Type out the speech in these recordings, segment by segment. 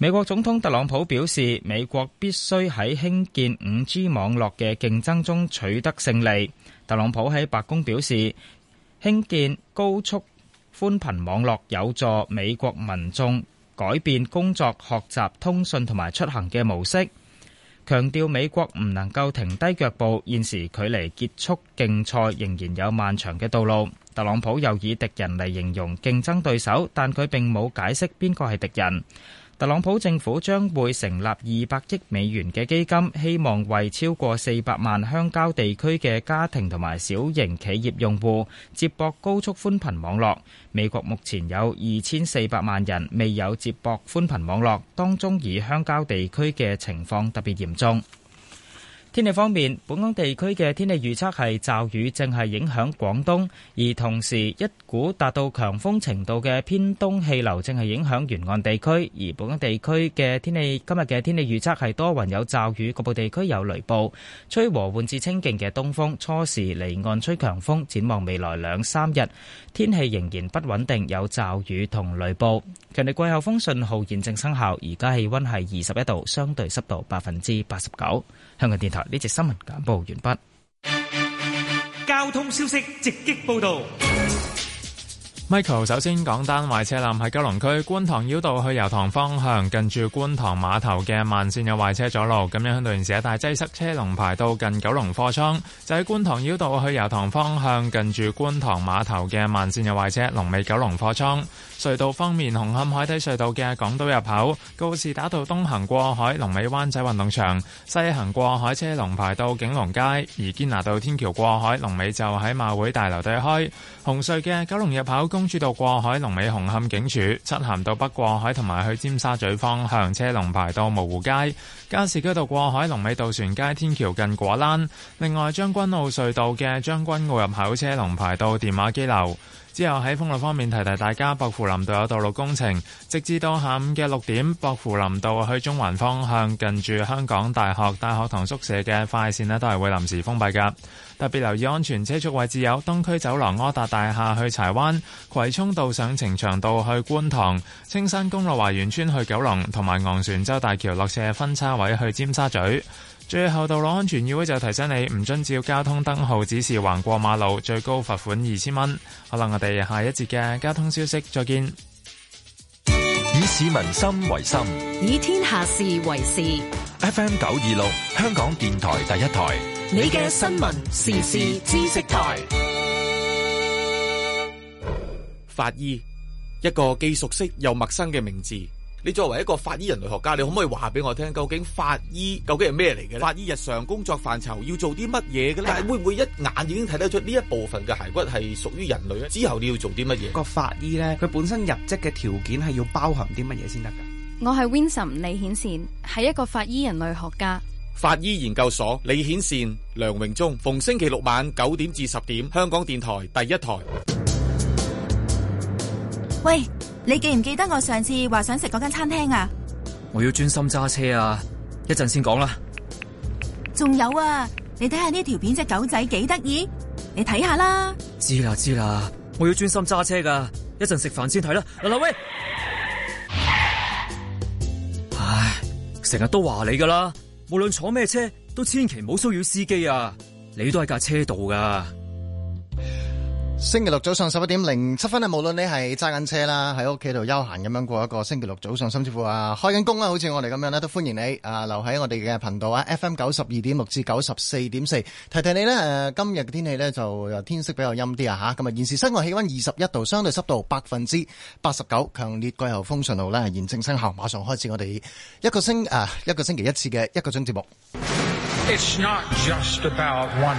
美國總統特朗普表示，美國必須喺興建五 G 網絡嘅競爭中取得勝利。特朗普喺白宮表示，興建高速寬頻網絡有助美國民眾改變工作、學習、通訊同埋出行嘅模式，強調美國唔能夠停低腳步。現時距離結束競賽仍然有漫長嘅道路。特朗普又以敵人嚟形容競爭對手，但佢並冇解釋邊個係敵人。特朗普政府將會成立二百億美元嘅基金，希望為超過四百萬鄉郊地區嘅家庭同埋小型企業用戶接駁高速寬頻網絡。美國目前有二千四百萬人未有接駁寬頻網絡，當中以鄉郊地區嘅情況特別嚴重。天氣方面，本港地區嘅天氣預測係驟雨，正係影響廣東，而同時一股達到強風程度嘅偏東氣流正係影響沿岸地區。而本港地區嘅天氣今日嘅天氣預測係多雲有驟雨，局部地區有雷暴，吹和緩至清勁嘅東風。初時離岸吹強風，展望未來兩三日天氣仍然不穩定，有驟雨同雷暴。強烈季候風信號現正生效。而家氣溫係二十一度，相對濕度百分之八十九。香港電台呢隻新聞簡報完畢。交通消息直擊報道。Michael 首先講單，壞車啦，喺九龍區觀塘繞道去油塘方向，近住觀塘碼頭嘅慢線有壞車阻路，咁樣相對應時一帶擠塞，車龍排到近九龍貨倉，就喺觀塘繞道去油塘方向，近住觀塘碼頭嘅慢線有壞車，龍尾九龍貨倉。隧道方面，紅磡海底隧道嘅港島入口、告士打道東行過海、龍尾灣仔運動場；西行過海車龍排到景隆街，而堅拿道天橋過海龍尾就喺馬會大樓對開。紅隧嘅九龍入口公主道過海龍尾紅磡警署；漆咸道北過海同埋去尖沙咀方向車龍排到蕪湖街。加士居道過海龍尾渡船街天橋近果欄。另外，將軍澳隧道嘅將軍澳入口車龍排到電話機樓。之後喺封路方面提提大家，薄扶林道有道路工程，直至到下午嘅六點，薄扶林道去中環方向近住香港大學大學堂宿舍嘅快綫呢都係會臨時封閉噶。特別留意安全車速位置有東區走廊柯達大廈去柴灣、葵涌道上呈祥道去觀塘、青山公路華園村去九龍，同埋昂船洲大橋落斜分叉位去尖沙咀。最後道路安全議會就提醒你，唔遵照交通燈號指示橫過馬路，最高罰款二千蚊。可能我哋下一節嘅交通消息再見。以市民心為心，嗯、以天下事為事。F M 九二六，香港電台第一台。你嘅新聞時事知識台。法醫，一個既熟悉又陌生嘅名字。你作為一個法醫人類學家，你可唔可以話俾我聽，究竟法醫究竟係咩嚟嘅？法醫日常工作範疇要做啲乜嘢嘅咧？但係會唔會一眼已經睇得出呢一部分嘅骸骨係屬於人類咧？之後你要做啲乜嘢？個法醫咧，佢本身入職嘅條件係要包含啲乜嘢先得噶？我係 Vincent 李顯善，係一個法醫人類學家，法醫研究所李顯善梁榮忠，逢星期六晚九點至十點，香港電台第一台。喂。你記唔記得我上次話想食嗰間餐廳啊？我要專心揸車啊，一陣先講啦。仲有啊，你睇下呢條片隻狗仔幾得意，你睇下啦。知啦知啦，我要專心揸車噶，一陣食飯先睇啦。嗱嗱喂！唉，成日都話你噶啦，無論坐咩車都千祈唔好騷擾司機啊！你都喺架車度噶。星期六早上十一點零七分啊，無論你係揸緊車啦，喺屋企度休閒咁樣過一個星期六早上，甚至乎啊開緊工啦、啊，好似我哋咁樣咧，都歡迎你啊留喺我哋嘅頻道啊 ，FM 九十二點六至九十四點四，提提你呢。誒、啊、今日嘅天氣呢，就天色比較陰啲啊吓，咁啊現時室外氣溫二十一度，相對濕度百分之八十九，強烈季候風信號咧現正生效，馬上開始我哋一個星誒、啊、一個星期一次嘅一個鐘節目。It's not just about one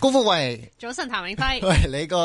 高福慧，早晨譚永輝。喂，你個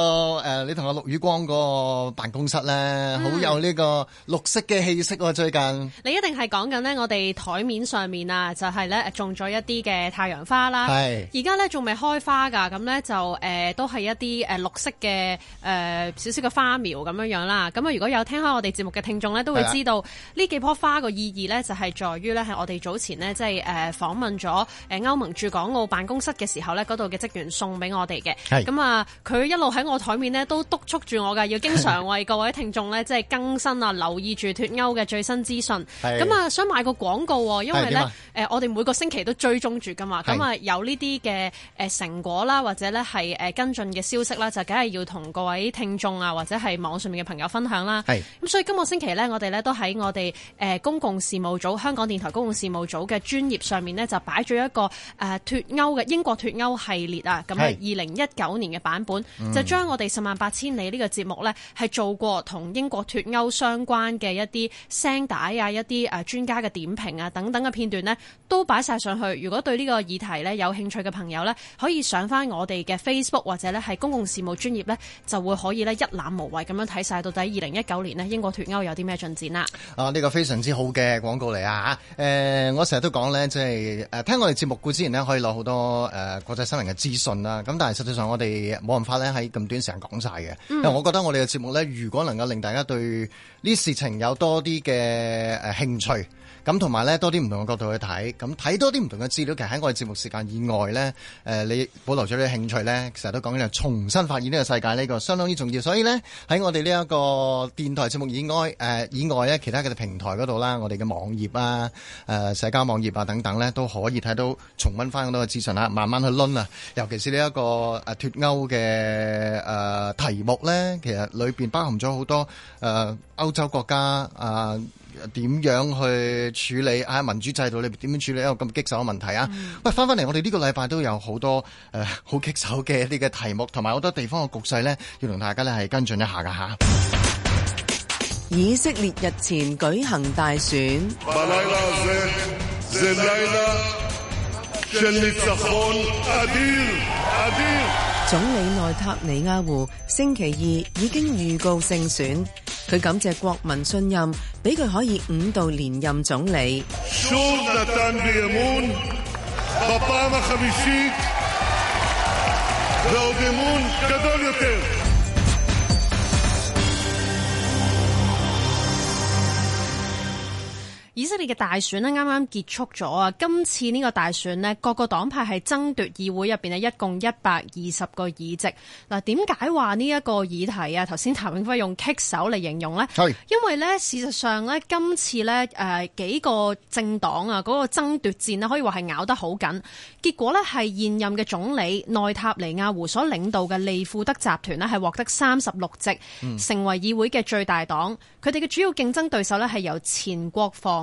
誒，你同阿陸宇光個辦公室咧，嗯，好有呢個綠色嘅氣息喎，啊。最近你一定係講緊咧，我哋台面上面啊，就係咧種咗一啲嘅太陽花啦。係而家咧仲未開花噶，咁咧就誒，呃、都係一啲誒綠色嘅誒少少嘅花苗咁樣樣啦。咁啊，如果有聽開我哋節目嘅聽眾咧，都會知道呢幾棵花個意義咧，就係在於咧係我哋早前咧即係誒訪問咗誒歐盟駐港澳辦公室嘅時候咧，度嘅職員。送俾我哋嘅。咁啊，佢一路喺我台面呢都督促住我噶，要經常為各位聽眾呢即係更新啊，留意住脫歐嘅最新資訊。咁啊，想買個廣告，因為呢，誒，我哋每個星期都追蹤住噶嘛，咁啊，有呢啲嘅誒成果啦，或者呢係誒跟進嘅消息啦，就梗係要同各位聽眾啊，或者係網上面嘅朋友分享啦。咁所以今個星期呢，我哋呢都喺我哋誒公共事務組、香港電台公共事務組嘅專頁上面呢，就擺咗一個誒脫歐嘅英國脫歐系列啊。咁啊，二零一九年嘅版本就將我哋十萬八千里呢個節目呢，係做過同英國脫歐相關嘅一啲聲帶啊，一啲誒專家嘅點評啊等等嘅片段呢，都擺晒上去。如果對呢個議題呢，有興趣嘅朋友呢，可以上翻我哋嘅 Facebook 或者呢係公共事務專頁呢，就會可以呢一覽無遺咁樣睇晒到底二零一九年呢，英國脫歐有啲咩進展啦。啊，呢、這個非常之好嘅廣告嚟啊誒，我成日都講呢，即係誒，聽我哋節目固之前呢，可以攞好多誒、啊、國際新聞嘅資訊。啦，咁但係實際上我哋冇辦法咧，喺咁短時間講晒嘅。嗯、我覺得我哋嘅節目咧，如果能夠令大家對呢事情有多啲嘅、呃、興趣。咁同埋咧，多啲唔同嘅角度去睇，咁睇多啲唔同嘅資料。其實喺我哋節目時間以外咧，誒、呃、你保留咗啲興趣咧，其實都講緊就重新發現呢個世界，呢、這個相當於重要。所以咧，喺我哋呢一個電台節目以外，誒、呃、以外咧，其他嘅平台嗰度啦，我哋嘅網頁啊、誒、呃、社交網頁啊等等咧，都可以睇到重溫翻咁多嘅資訊啦，慢慢去攆啊。尤其是呢一個脫歐嘅誒、呃、題目咧，其實裏邊包含咗好多、呃、歐洲國家啊。呃點樣去處理啊？民主制度裏邊點樣處理一個咁棘手嘅問題啊？喂、嗯，翻翻嚟，我哋呢個禮拜都有好多誒，好棘手嘅呢個嘅題目，同埋好多地方嘅局勢咧，要同大家咧係跟進一下噶吓。以色列日前舉行大選。總理內塔尼亞胡星期二已經預告勝選，佢感謝國民信任，俾佢可以五度連任總理。以色列嘅大選呢，啱啱結束咗啊！今次呢個大選呢，各個黨派係爭奪議會入邊咧，一共一百二十個議席。嗱，點解話呢一個議題啊？頭先譚永輝用棘手嚟形容咧，係因為咧，事實上咧，今次咧，誒、呃、幾個政黨啊，嗰、那個爭奪戰咧，可以話係咬得好緊，結果咧，係現任嘅總理內塔尼亞胡所領導嘅利庫德集團咧，係獲得三十六席，成為議會嘅最大黨，佢哋嘅主要競爭對手咧，係由前國防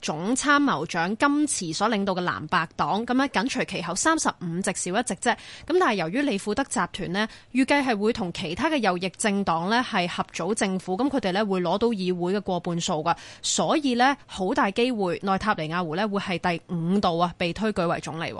總參謀長金池所領導嘅藍白黨咁咧，緊隨其後三十五席少一席啫，咁但係由於利庫德集團呢，預計係會同其他嘅右翼政黨呢係合組政府，咁佢哋呢會攞到議會嘅過半數噶，所以呢，好大機會內塔尼亞胡呢會係第五度啊被推舉為總理。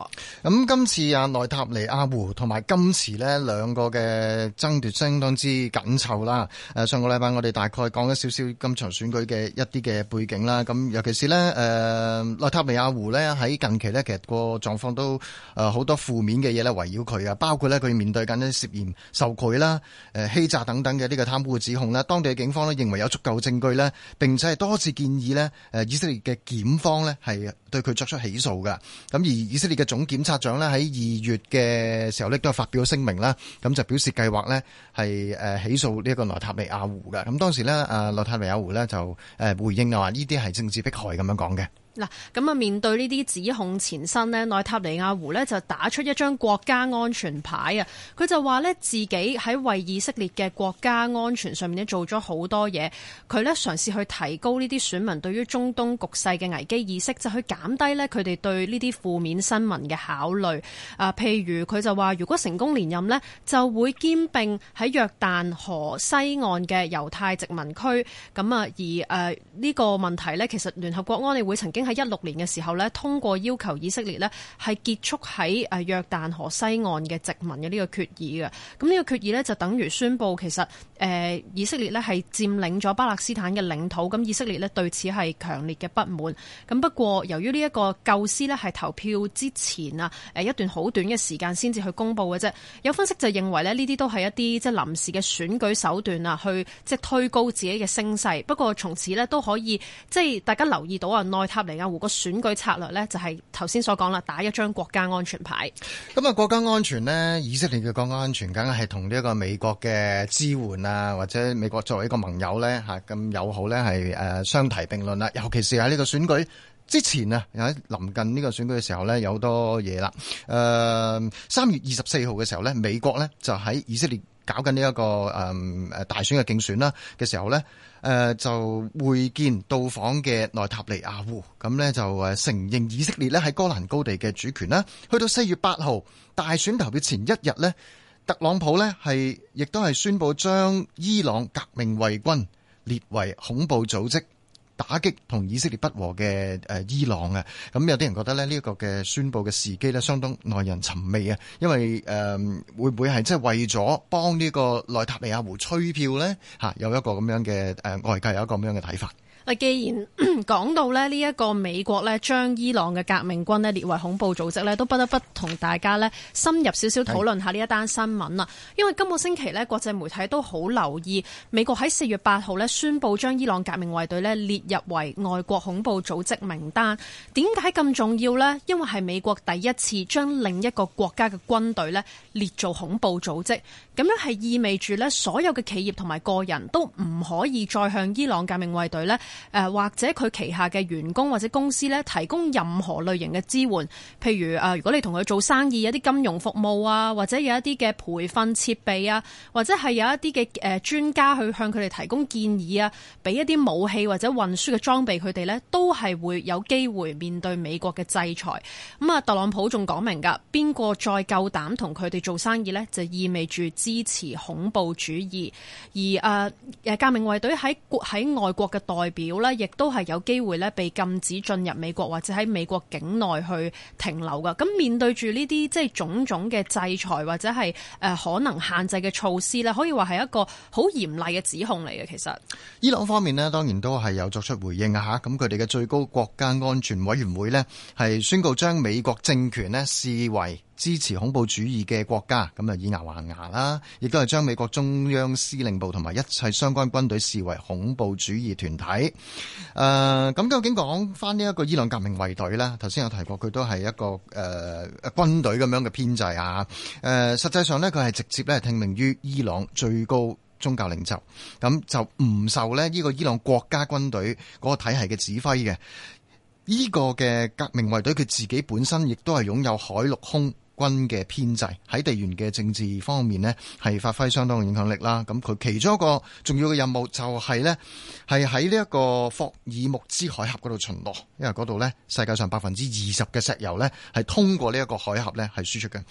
咁今次啊內塔尼亞胡同埋金池呢兩個嘅爭奪相當之緊湊啦。誒上個禮拜我哋大概講咗少少今場選舉嘅一啲嘅背景啦，咁尤其是呢。誒、呃，內塔尼亞胡咧喺近期咧，其實個狀況都誒好、呃、多負面嘅嘢咧圍繞佢啊，包括咧佢面對緊啲涉嫌受賄啦、誒、呃、欺詐等等嘅呢個貪污嘅指控啦。當地嘅警方咧認為有足夠證據咧，並且係多次建議咧，誒、呃、以色列嘅檢方咧係。對佢作出起訴嘅，咁而以色列嘅總檢察長呢，喺二月嘅時候咧都係發表聲明啦，咁就表示計劃呢係誒起訴呢一個內塔尼亞胡嘅，咁當時呢，阿內塔尼亞胡呢就誒回應啊話呢啲係政治迫害咁樣講嘅。嗱，咁啊面對呢啲指控纏身呢，內塔尼亞胡呢就打出一張國家安全牌啊！佢就話呢，自己喺為以色列嘅國家安全上面呢，做咗好多嘢，佢呢，嘗試去提高呢啲選民對於中東局勢嘅危機意識，就去減低呢佢哋對呢啲負面新聞嘅考慮啊。譬如佢就話，如果成功連任呢，就會兼並喺約旦河西岸嘅猶太殖民區。咁啊而誒呢個問題呢，其實聯合國安理會曾經喺一六年嘅時候呢，通過要求以色列呢係結束喺誒約旦河西岸嘅殖民嘅呢個決議嘅。咁、這、呢個決議呢，就等於宣布其實誒、呃、以色列呢係佔領咗巴勒斯坦嘅領土。咁以色列呢對此係強烈嘅不滿。咁不過由於呢一個構思呢係投票之前啊，誒一段好短嘅時間先至去公布嘅啫。有分析就認為呢，呢啲都係一啲即係臨時嘅選舉手段啊，去即係推高自己嘅聲勢。不過從此呢都可以即係大家留意到啊，內塔尼亞胡個選舉策略咧，就係頭先所講啦，打一張國家安全牌。咁啊，國家安全呢，以色列嘅國家安全，梗係同呢一個美國嘅支援啊，或者美國作為一個盟友呢，吓咁友好呢係誒、呃、相提並論啦。尤其是喺呢個選舉之前啊，又喺臨近呢個選舉嘅時候呢，有好多嘢啦。誒、呃，三月二十四號嘅時候呢，美國呢就喺以色列，搞緊呢一個誒誒大選嘅競選啦嘅時候呢，誒就會見到訪嘅內塔尼亞胡，咁呢，就誒承認以色列咧喺哥蘭高地嘅主權啦。去到四月八號大選投票前一日呢，特朗普呢係亦都係宣布將伊朗革命衛軍列為恐怖組織。打擊同以色列不和嘅誒伊朗啊，咁有啲人覺得咧呢一個嘅宣佈嘅時機咧相當耐人尋味啊，因為誒會唔會係即係為咗幫呢個內塔尼亞胡催票咧？嚇有一個咁樣嘅，誒外界有一個咁樣嘅睇法。既然講 到呢，呢一個美國呢將伊朗嘅革命軍列為恐怖組織呢，都不得不同大家呢深入少少討論下呢一單新聞啦。因為今個星期呢國際媒體都好留意美國喺四月八號呢宣布將伊朗革命衛隊列入為外國恐怖組織名單。點解咁重要呢？因為係美國第一次將另一個國家嘅軍隊列做恐怖組織，咁樣係意味住呢所有嘅企業同埋個人都唔可以再向伊朗革命衛隊呢誒、呃、或者佢旗下嘅員工或者公司咧，提供任何類型嘅支援，譬如誒、呃，如果你同佢做生意有一啲金融服務啊，或者有一啲嘅培訓設備啊，或者係有一啲嘅專家去向佢哋提供建議啊，俾一啲武器或者運輸嘅裝備佢哋咧，都係會有機會面對美國嘅制裁。咁、嗯、啊，特朗普仲講明㗎，邊個再夠膽同佢哋做生意咧，就意味住支持恐怖主義，而誒、呃、革命衛隊喺喺外國嘅代表。料啦，亦都係有機會呢被禁止進入美國或者喺美國境內去停留噶。咁面對住呢啲即係種種嘅制裁或者係誒、呃、可能限制嘅措施，可以話係一個好嚴厲嘅指控嚟嘅。其實伊朗方面咧，當然都係有作出回應啊。吓，咁佢哋嘅最高國家安全委員會呢係宣告將美國政權呢視為。支持恐怖主義嘅國家，咁啊，以牙還牙啦，亦都係將美國中央司令部同埋一切相關軍隊視為恐怖主義團體。誒，咁究竟講翻呢一個伊朗革命衛隊啦，頭先有提過，佢都係一個誒軍隊咁樣嘅編制啊。誒，實際上呢，佢係直接咧聽命於伊朗最高宗教領袖，咁就唔受呢呢個伊朗國家軍隊嗰個體系嘅指揮嘅。呢個嘅革命衛隊，佢自己本身亦都係擁有海陸空軍嘅編制，喺地緣嘅政治方面呢，係發揮相當嘅影響力啦。咁佢其中一個重要嘅任務就係呢，係喺呢一個霍爾木茲海峽嗰度巡邏，因為嗰度呢，世界上百分之二十嘅石油呢，係通過呢一個海峽呢係輸出嘅。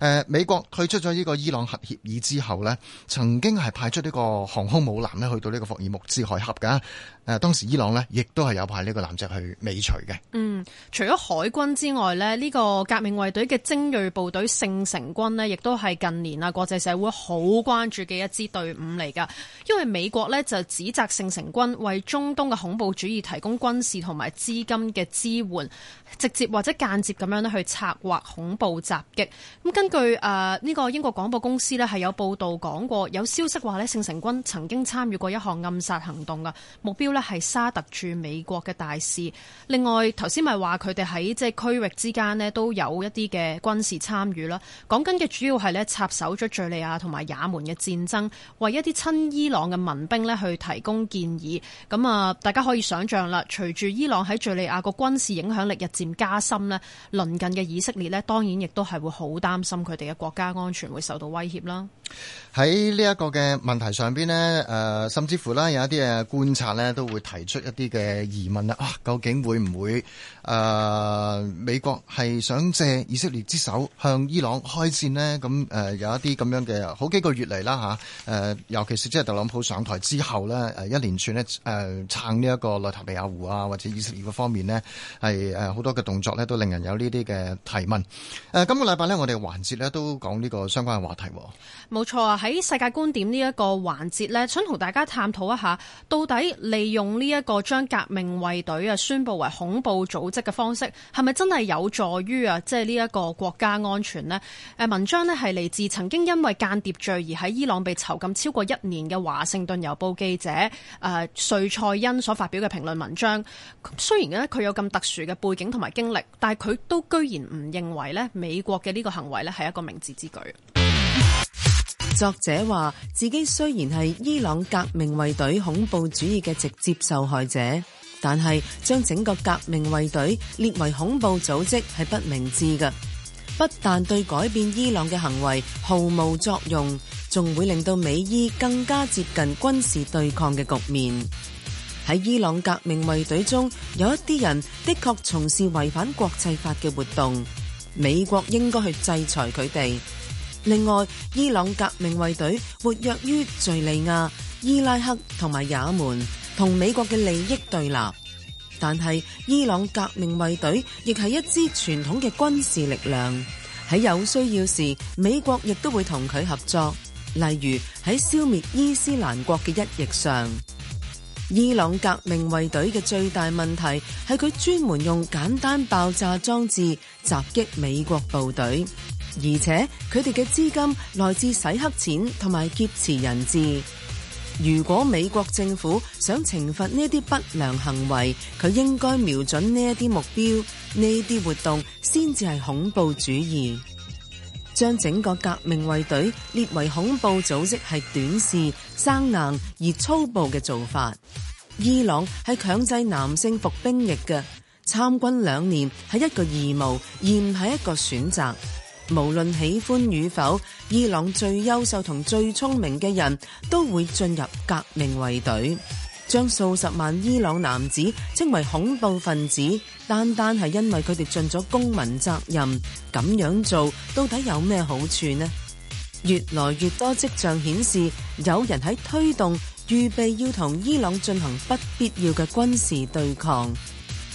誒，美國退出咗呢個伊朗核協議之後呢，曾經係派出呢個航空母艦呢去到呢個霍爾木茲海峽噶。誒，當時伊朗呢，亦都係有派呢個艦隻去尾隨嘅。嗯，除咗海軍之外呢，呢、這個革命衛隊嘅精銳。部隊聖城軍呢，亦都係近年啊國際社會好關注嘅一支隊伍嚟噶。因為美國呢，就指責聖城軍為中東嘅恐怖主義提供軍事同埋資金嘅支援，直接或者間接咁樣咧去策劃恐怖襲擊。咁根據誒呢個英國廣播公司呢，係有報導講過，有消息話咧聖城軍曾經參與過一項暗殺行動噶，目標呢係沙特駐美國嘅大使。另外頭先咪話佢哋喺即係區域之間呢，都有一啲嘅軍事。參與啦，講緊嘅主要係咧插手咗敍利亞同埋也門嘅戰爭，為一啲親伊朗嘅民兵咧去提供建議。咁啊，大家可以想象啦，隨住伊朗喺敍利亞個軍事影響力日漸加深咧，鄰近嘅以色列咧當然亦都係會好擔心佢哋嘅國家安全會受到威脅啦。喺呢一個嘅問題上邊咧，誒、呃、甚至乎啦有一啲誒觀察咧都會提出一啲嘅疑問啦。哇、啊，究竟會唔會誒、呃、美國係想借以色列之手，向伊朗開戰咧，咁誒有一啲咁樣嘅好幾個月嚟啦吓，誒尤其是即係特朗普上台之後咧，誒一連串咧誒撐呢一個內塔尼亞胡啊，或者以色列方面咧係誒好多嘅動作咧，都令人有呢啲嘅提問。誒今個禮拜咧，我哋環節咧都講呢個相關嘅話題。冇錯啊，喺世界觀點呢一個環節咧，想同大家探討一下，到底利用呢一個將革命衛隊啊宣布為恐怖組織嘅方式，係咪真係有助於啊？即係呢一個國家。安全呢？文章呢，係嚟自曾經因為間諜罪而喺伊朗被囚禁超過一年嘅華盛頓郵報記者、呃、瑞賽恩所發表嘅評論文章。雖然呢，佢有咁特殊嘅背景同埋經歷，但係佢都居然唔認為呢美國嘅呢個行為呢係一個明智之舉。作者話自己雖然係伊朗革命衛隊恐怖主義嘅直接受害者，但係將整個革命衛隊列為恐怖組織係不明智嘅。不但對改變伊朗嘅行為毫無作用，仲會令到美伊更加接近軍事對抗嘅局面。喺伊朗革命衛隊中，有一啲人的確從事違反國際法嘅活動，美國應該去制裁佢哋。另外，伊朗革命衛隊活躍於敘利亞、伊拉克同埋也門，同美國嘅利益對立。但係，伊朗革命衛隊亦係一支傳統嘅軍事力量。喺有需要時，美國亦都會同佢合作，例如喺消滅伊斯蘭國嘅一役上。伊朗革命衛隊嘅最大問題係佢專門用簡單爆炸裝置襲擊美國部隊，而且佢哋嘅資金來自洗黑錢同埋劫持人質。如果美國政府想懲罰呢啲不良行為，佢應該瞄準呢一啲目標，呢啲活動先至係恐怖主義。將整個革命衛隊列為恐怖組織係短視、生硬而粗暴嘅做法。伊朗係強制男性服兵役嘅，參軍兩年係一個義務，而唔係一個選擇。無論喜歡與否，伊朗最優秀同最聰明嘅人都會進入革命衛隊，將數十萬伊朗男子稱為恐怖分子，單單係因為佢哋盡咗公民責任。咁樣做到底有咩好處呢？越來越多跡象顯示，有人喺推動，預備要同伊朗進行不必要嘅軍事對抗。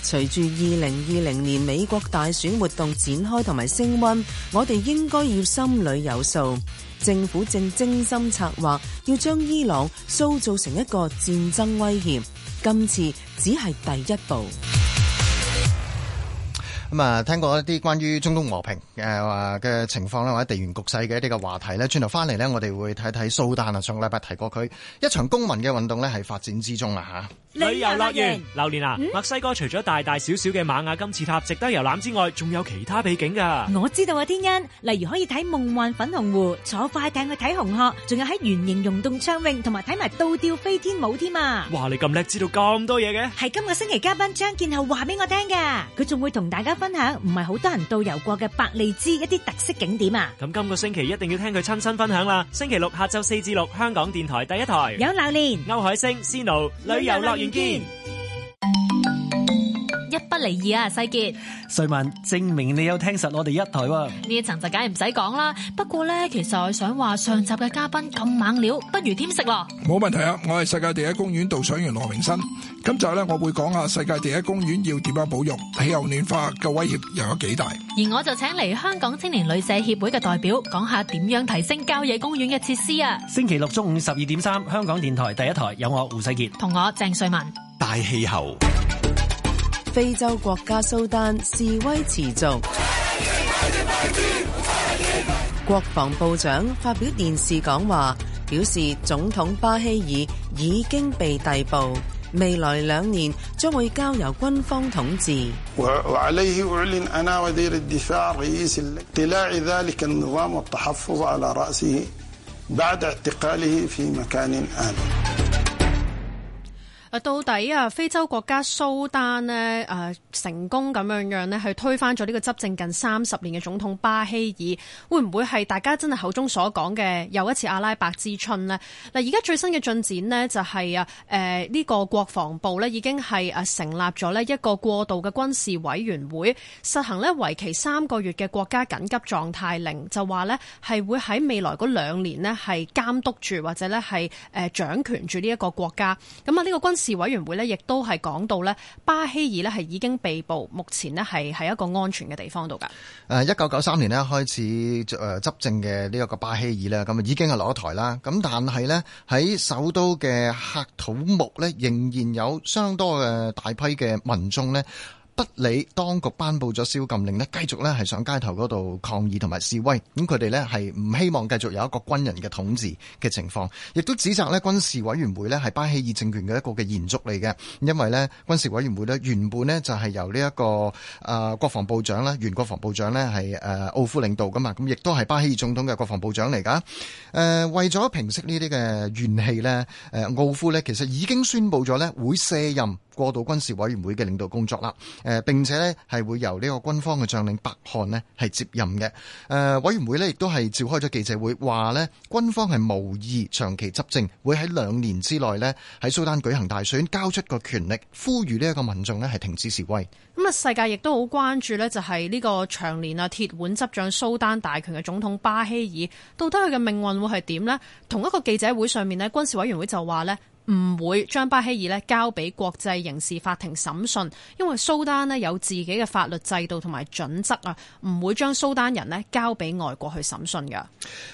隨住二零二零年美國大選活動展開同埋升溫，我哋應該要心裏有數，政府正精心策劃，要將伊朗塑造成一個戰爭威脅。今次只係第一步。咁啊，聽過一啲關於中東和平誒話嘅情況咧，或者地緣局勢嘅一啲嘅話題咧，轉頭翻嚟咧，我哋會睇睇蘇丹啊，上禮拜提過佢一場公民嘅運動咧，係發展之中啊吓。旅遊樂園，流年啊，墨西哥除咗大大小小嘅瑪雅金字塔值得遊覽之外，仲有其他背景噶。我知道啊，天恩，例如可以睇夢幻粉紅湖，坐快艇去睇紅鶴，仲有喺圓形溶洞暢泳，同埋睇埋倒吊飛天舞添啊！哇，你咁叻，知道咁多嘢嘅？係今個星期嘉賓張建浩話俾我聽嘅，佢仲會同大家。分享唔係好多人導遊過嘅百利茲一啲特色景點啊！咁今個星期一定要聽佢親身分享啦！星期六下晝四至六，香港電台第一台有榴蓮歐海星 Snow 旅遊樂園見。不離意啊，世杰！瑞文證明你有聽實我哋一台喎。呢一層就梗係唔使講啦。不過咧，其實我想話上集嘅嘉賓咁猛料，不如添食咯。冇問題啊！我係世界第一公園導賞員羅明新。今集咧，我會講下世界第一公園要點樣保育，氣候暖化嘅威脅又有幾大。而我就請嚟香港青年旅社協會嘅代表講下點樣提升郊野公園嘅設施啊！星期六中午十二點三，香港電台第一台有我胡世杰，同我鄭瑞文，大氣候。非洲國家蘇丹示威持續。國防部長發表電視講話，表示總統巴希爾已經被逮捕，未來兩年將會交由軍方統治。到底啊非洲國家蘇丹呢成功咁樣樣去推翻咗呢個執政近三十年嘅總統巴希爾，會唔會係大家真係口中所講嘅又一次阿拉伯之春呢？嗱，而家最新嘅進展呢、就是，就係啊，呢、呢個國防部呢已經係成立咗呢一個過渡嘅軍事委員會，實行呢為期三個月嘅國家緊急狀態令，就話呢係會喺未來嗰兩年呢係監督住或者呢係掌權住呢一個國家，咁啊呢事委員會呢亦都係講到呢，巴希爾呢係已經被捕，目前呢係喺一個安全嘅地方度㗎。誒，一九九三年呢開始誒執政嘅呢一個巴希爾呢，咁啊已經係落咗台啦。咁但係呢，喺首都嘅喀土木呢，仍然有相當嘅大批嘅民眾呢。不理當局頒布咗宵禁令，呢繼續呢係上街頭嗰度抗議同埋示威。咁佢哋呢係唔希望繼續有一個軍人嘅統治嘅情況，亦都指責呢軍事委員會呢係巴希爾政權嘅一個嘅延續嚟嘅。因為呢軍事委員會呢原本呢就係由呢、這、一個啊、呃、國防部長咧，原國防部長呢係誒奧夫領導㗎嘛。咁亦都係巴希爾總統嘅國防部長嚟㗎。誒、呃、為咗平息呢啲嘅怨氣呢，誒、呃、奧夫呢其實已經宣布咗呢會卸任。過渡軍事委員會嘅領導工作啦，誒並且呢係會由呢個軍方嘅將領白漢呢係接任嘅，誒、呃、委員會呢亦都係召開咗記者會，話呢軍方係無意長期執政，會喺兩年之內呢喺蘇丹舉行大選，交出個權力，呼籲呢一個民眾呢係停止示威。咁啊，世界亦都好關注呢，就係呢個長年啊鐵腕執掌蘇丹大權嘅總統巴希爾，到底佢嘅命運會係點呢？同一個記者會上面呢，軍事委員會就話呢。唔會將巴希爾呢交俾國際刑事法庭審訊，因為蘇丹呢有自己嘅法律制度同埋準則啊，唔會將蘇丹人呢交俾外國去審訊嘅。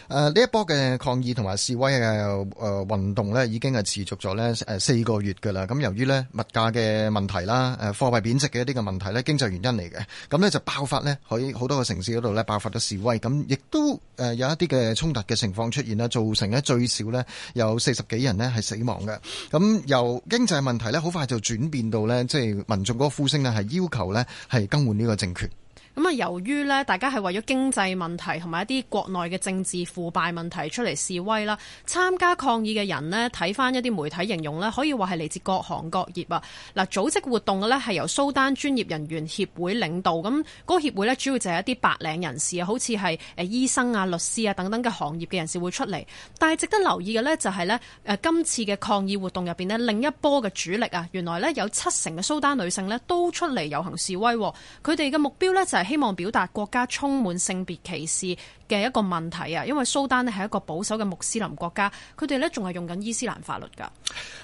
誒呢一波嘅抗議同埋示威嘅誒運動已經係持續咗呢誒四個月㗎啦。咁由於呢，物價嘅問題啦，誒貨幣貶值嘅一啲嘅問題呢，經濟原因嚟嘅，咁呢就爆發呢，喺好多個城市嗰度呢爆發咗示威，咁亦都誒有一啲嘅衝突嘅情況出現啦，造成呢最少呢有四十幾人呢係死亡嘅。咁由經濟問題咧，好快就轉變到咧，即係民眾嗰個呼聲呢，係要求咧，係更換呢個政權。咁啊，由於呢大家係為咗經濟問題同埋一啲國內嘅政治腐敗問題出嚟示威啦。參加抗議嘅人呢，睇翻一啲媒體形容呢，可以話係嚟自各行各業啊。嗱，組織活動嘅呢，係由蘇丹專業人員協會領導。咁、那、嗰個協會主要就係一啲白領人士啊，好似係醫生啊、律師啊等等嘅行業嘅人士會出嚟。但係值得留意嘅呢、就是，就係呢今次嘅抗議活動入面，呢另一波嘅主力啊，原來呢，有七成嘅蘇丹女性呢都出嚟遊行示威。佢哋嘅目標呢，就係、是。希望表達國家充滿性別歧視嘅一個問題啊！因為蘇丹咧係一個保守嘅穆斯林國家，佢哋咧仲係用緊伊斯蘭法律噶。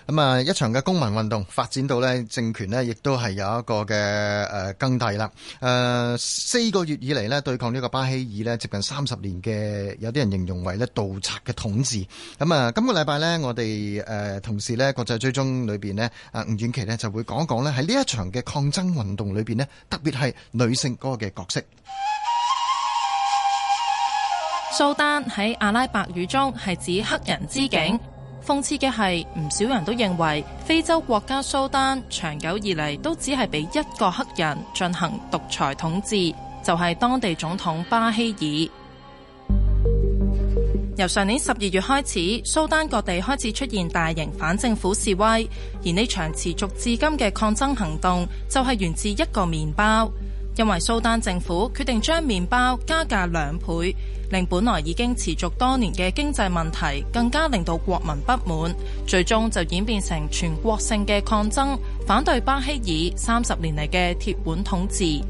咁啊，一場嘅公民運動發展到咧政權咧，亦都係有一個嘅誒更替啦。誒、呃、四個月以嚟咧對抗呢個巴希爾咧，接近三十年嘅有啲人形容為咧盜賊嘅統治。咁啊，今個禮拜咧我哋誒同時咧國際追蹤裏邊咧啊吳遠琪咧就會講一講咧喺呢一場嘅抗爭運動裏邊咧，特別係女性嗰個嘅。角蘇丹喺阿拉伯語中係指黑人之境。諷刺嘅係，唔少人都認為非洲國家蘇丹長久以嚟都只係畀一個黑人進行獨裁統治，就係、是、當地總統巴希爾。由上年十二月開始，蘇丹各地開始出現大型反政府示威，而呢場持續至今嘅抗爭行動就係源自一個麵包。因為蘇丹政府決定將麵包加價兩倍，令本來已經持續多年嘅經濟問題更加令到國民不滿，最終就演變成全國性嘅抗爭，反對巴希爾三十年嚟嘅鐵腕統治。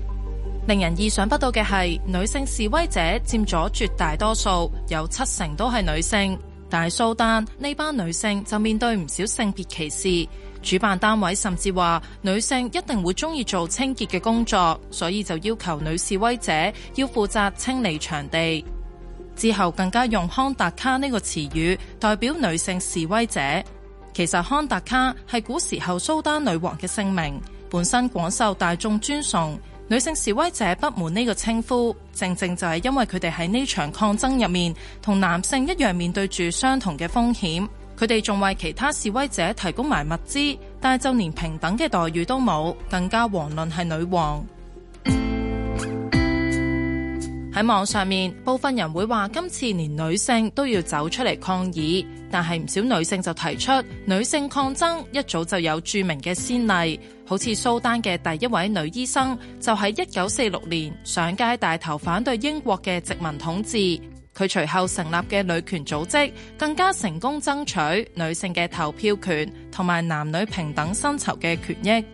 令人意想不到嘅係，女性示威者佔咗絕大多數，有七成都係女性。但係蘇丹呢班女性就面對唔少性別歧視。主辦單位甚至話女性一定會中意做清潔嘅工作，所以就要求女示威者要負責清理場地。之後更加用康達卡呢個詞語代表女性示威者。其實康達卡係古時候蘇丹女王嘅姓名，本身廣受大眾尊崇。女性示威者不滿呢個稱呼，正正就係因為佢哋喺呢場抗爭入面同男性一樣面對住相同嘅風險。佢哋仲為其他示威者提供埋物資，但係就連平等嘅待遇都冇，更加遑論係女王。喺網上面，部分人會話今次連女性都要走出嚟抗議，但係唔少女性就提出女性抗爭一早就有著名嘅先例，好似蘇丹嘅第一位女醫生就喺一九四六年上街帶頭反對英國嘅殖民統治。佢隨後成立嘅女權組織，更加成功爭取女性嘅投票權同埋男女平等薪酬嘅權益。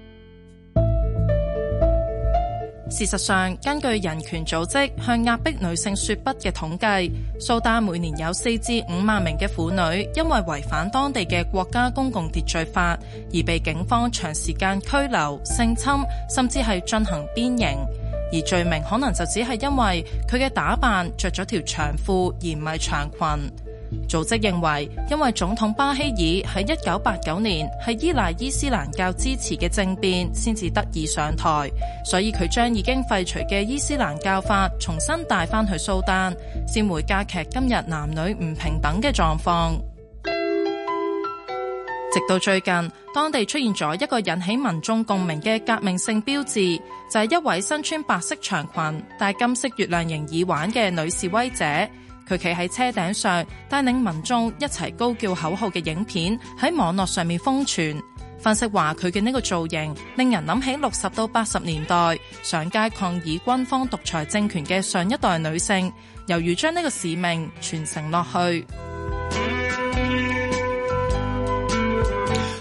事實上，根據人權組織向壓迫女性說不嘅統計，蘇丹每年有四至五萬名嘅婦女因為違反當地嘅國家公共秩序法，而被警方長時間拘留、性侵，甚至係進行鞭刑。而罪名可能就只係因為佢嘅打扮着咗條長褲而唔係長裙。組織認為，因為總統巴希爾喺一九八九年係依賴伊斯蘭教支持嘅政變先至得以上台，所以佢將已經廢除嘅伊斯蘭教法，重新帶翻去蘇丹，先會加劇今日男女唔平等嘅狀況。直到最近，當地出現咗一個引起民眾共鳴嘅革命性標誌，就係一位身穿白色長裙、戴金色月亮形耳環嘅女示威者。佢企喺車頂上帶領民眾一齊高叫口號嘅影片喺網絡上面瘋傳。分析話佢嘅呢個造型令人諗起六十到八十年代上街抗議軍方獨裁政權嘅上一代女性，猶如將呢個使命傳承落去。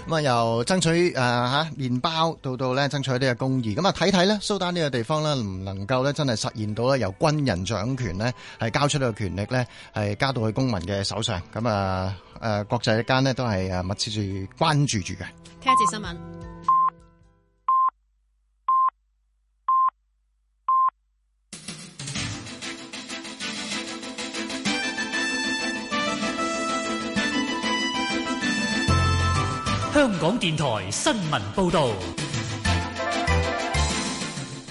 咁啊，由爭取誒嚇麵包，到到咧爭取呢個公義。咁啊，睇睇咧，蘇丹呢個地方咧，唔能夠咧，真係實現到咧，由軍人掌權咧，係交出呢個權力咧，係交到去公民嘅手上。咁啊，誒國際一間咧，都係誒密切住關注住嘅。聽一節新聞。香港電台新聞報道，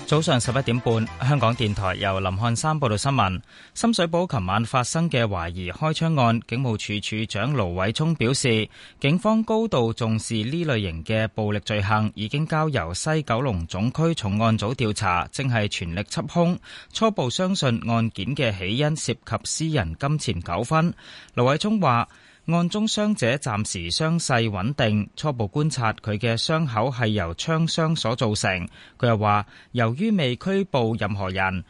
早上十一點半，香港電台由林漢山報道新聞。深水埗琴晚發生嘅懷疑開槍案，警務處處長盧偉聰表示，警方高度重視呢類型嘅暴力罪行，已經交由西九龍總區重案組調查，正係全力緝兇。初步相信案件嘅起因涉及私人金錢糾紛。盧偉聰話。案中傷者暫時傷勢穩定，初步觀察佢嘅傷口係由槍傷所造成。佢又話，由於未拘捕任何人，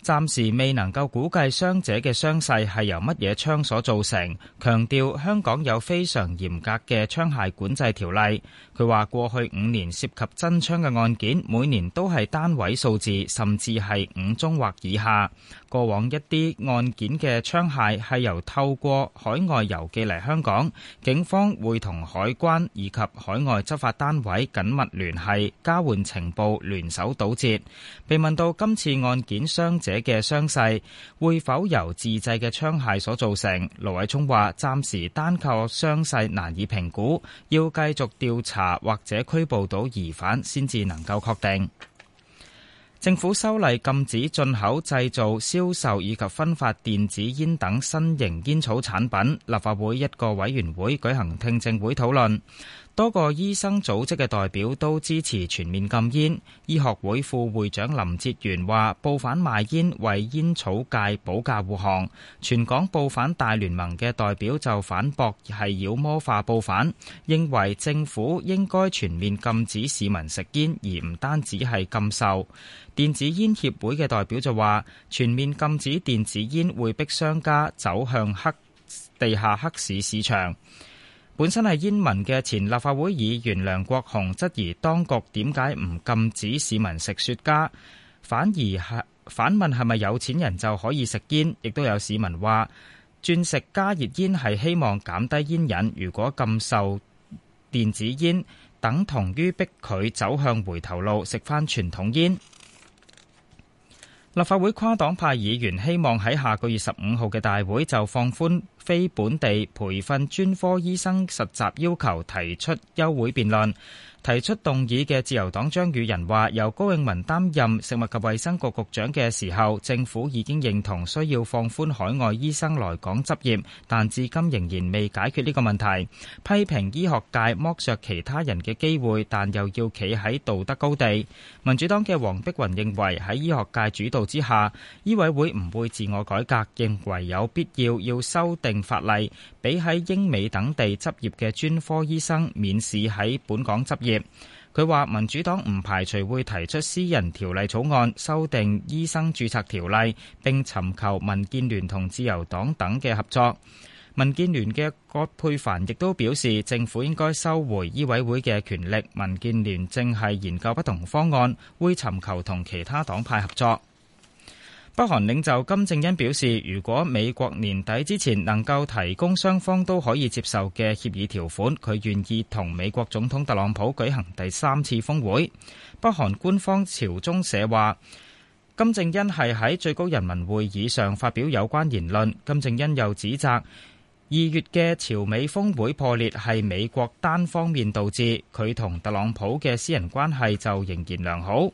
暫時未能夠估計傷者嘅傷勢係由乜嘢槍所造成。強調香港有非常嚴格嘅槍械管制條例。佢話，過去五年涉及真槍嘅案件，每年都係單位數字，甚至係五宗或以下。過往一啲案件嘅槍械係由透過海外郵寄嚟香港，警方會同海關以及海外執法單位緊密聯繫，交換情報，聯手堵截。被問到今次案件傷者嘅傷勢會否由自製嘅槍械所造成，盧偉聰話：暫時單靠傷勢難以評估，要繼續調查或者拘捕到疑犯先至能夠確定。政府修例禁止進口、製造、銷售以及分發電子煙等新型煙草產品。立法會一個委員會舉行聽證會討論。多個醫生組織嘅代表都支持全面禁煙。醫學會副會長林哲元話，報販賣煙為煙草界保駕護航。全港報販大聯盟嘅代表就反駁係妖魔化報販，認為政府應該全面禁止市民食煙，而唔單止係禁售。電子煙協會嘅代表就話，全面禁止電子煙會逼商家走向黑地下黑市市場。本身係煙民嘅前立法會議員梁國雄質疑當局點解唔禁止市民食雪茄，反而係反問係咪有錢人就可以食煙，亦都有市民話轉食加熱煙係希望減低煙癮，如果禁售電子煙等同於逼佢走向回頭路食回，食翻傳統煙。立法會跨黨派議員希望喺下個月十五號嘅大會就放寬非本地培訓專科醫生實習要求提出休會辯論。提出動議嘅自由黨張宇人話：由高永文擔任食物及衛生局局長嘅時候，政府已經認同需要放寬海外醫生來港執業，但至今仍然未解決呢個問題。批評醫學界剝削其他人嘅機會，但又要企喺道德高地。民主黨嘅黃碧雲認為喺醫學界主導之下，醫委會唔會自我改革，認為有必要要修訂法例。俾喺英美等地執業嘅專科醫生免試喺本港執業，佢話民主黨唔排除會提出私人條例草案修訂醫生注冊條例，並尋求民建聯同自由黨等嘅合作。民建聯嘅葛珮帆亦都表示，政府應該收回醫委會嘅權力。民建聯正係研究不同方案，會尋求同其他黨派合作。北韓領袖金正恩表示，如果美國年底之前能夠提供雙方都可以接受嘅協議條款，佢願意同美國總統特朗普舉行第三次峰會。北韓官方朝中社話，金正恩係喺最高人民會議上發表有關言論。金正恩又指責二月嘅朝美峰會破裂係美國單方面導致，佢同特朗普嘅私人關係就仍然良好。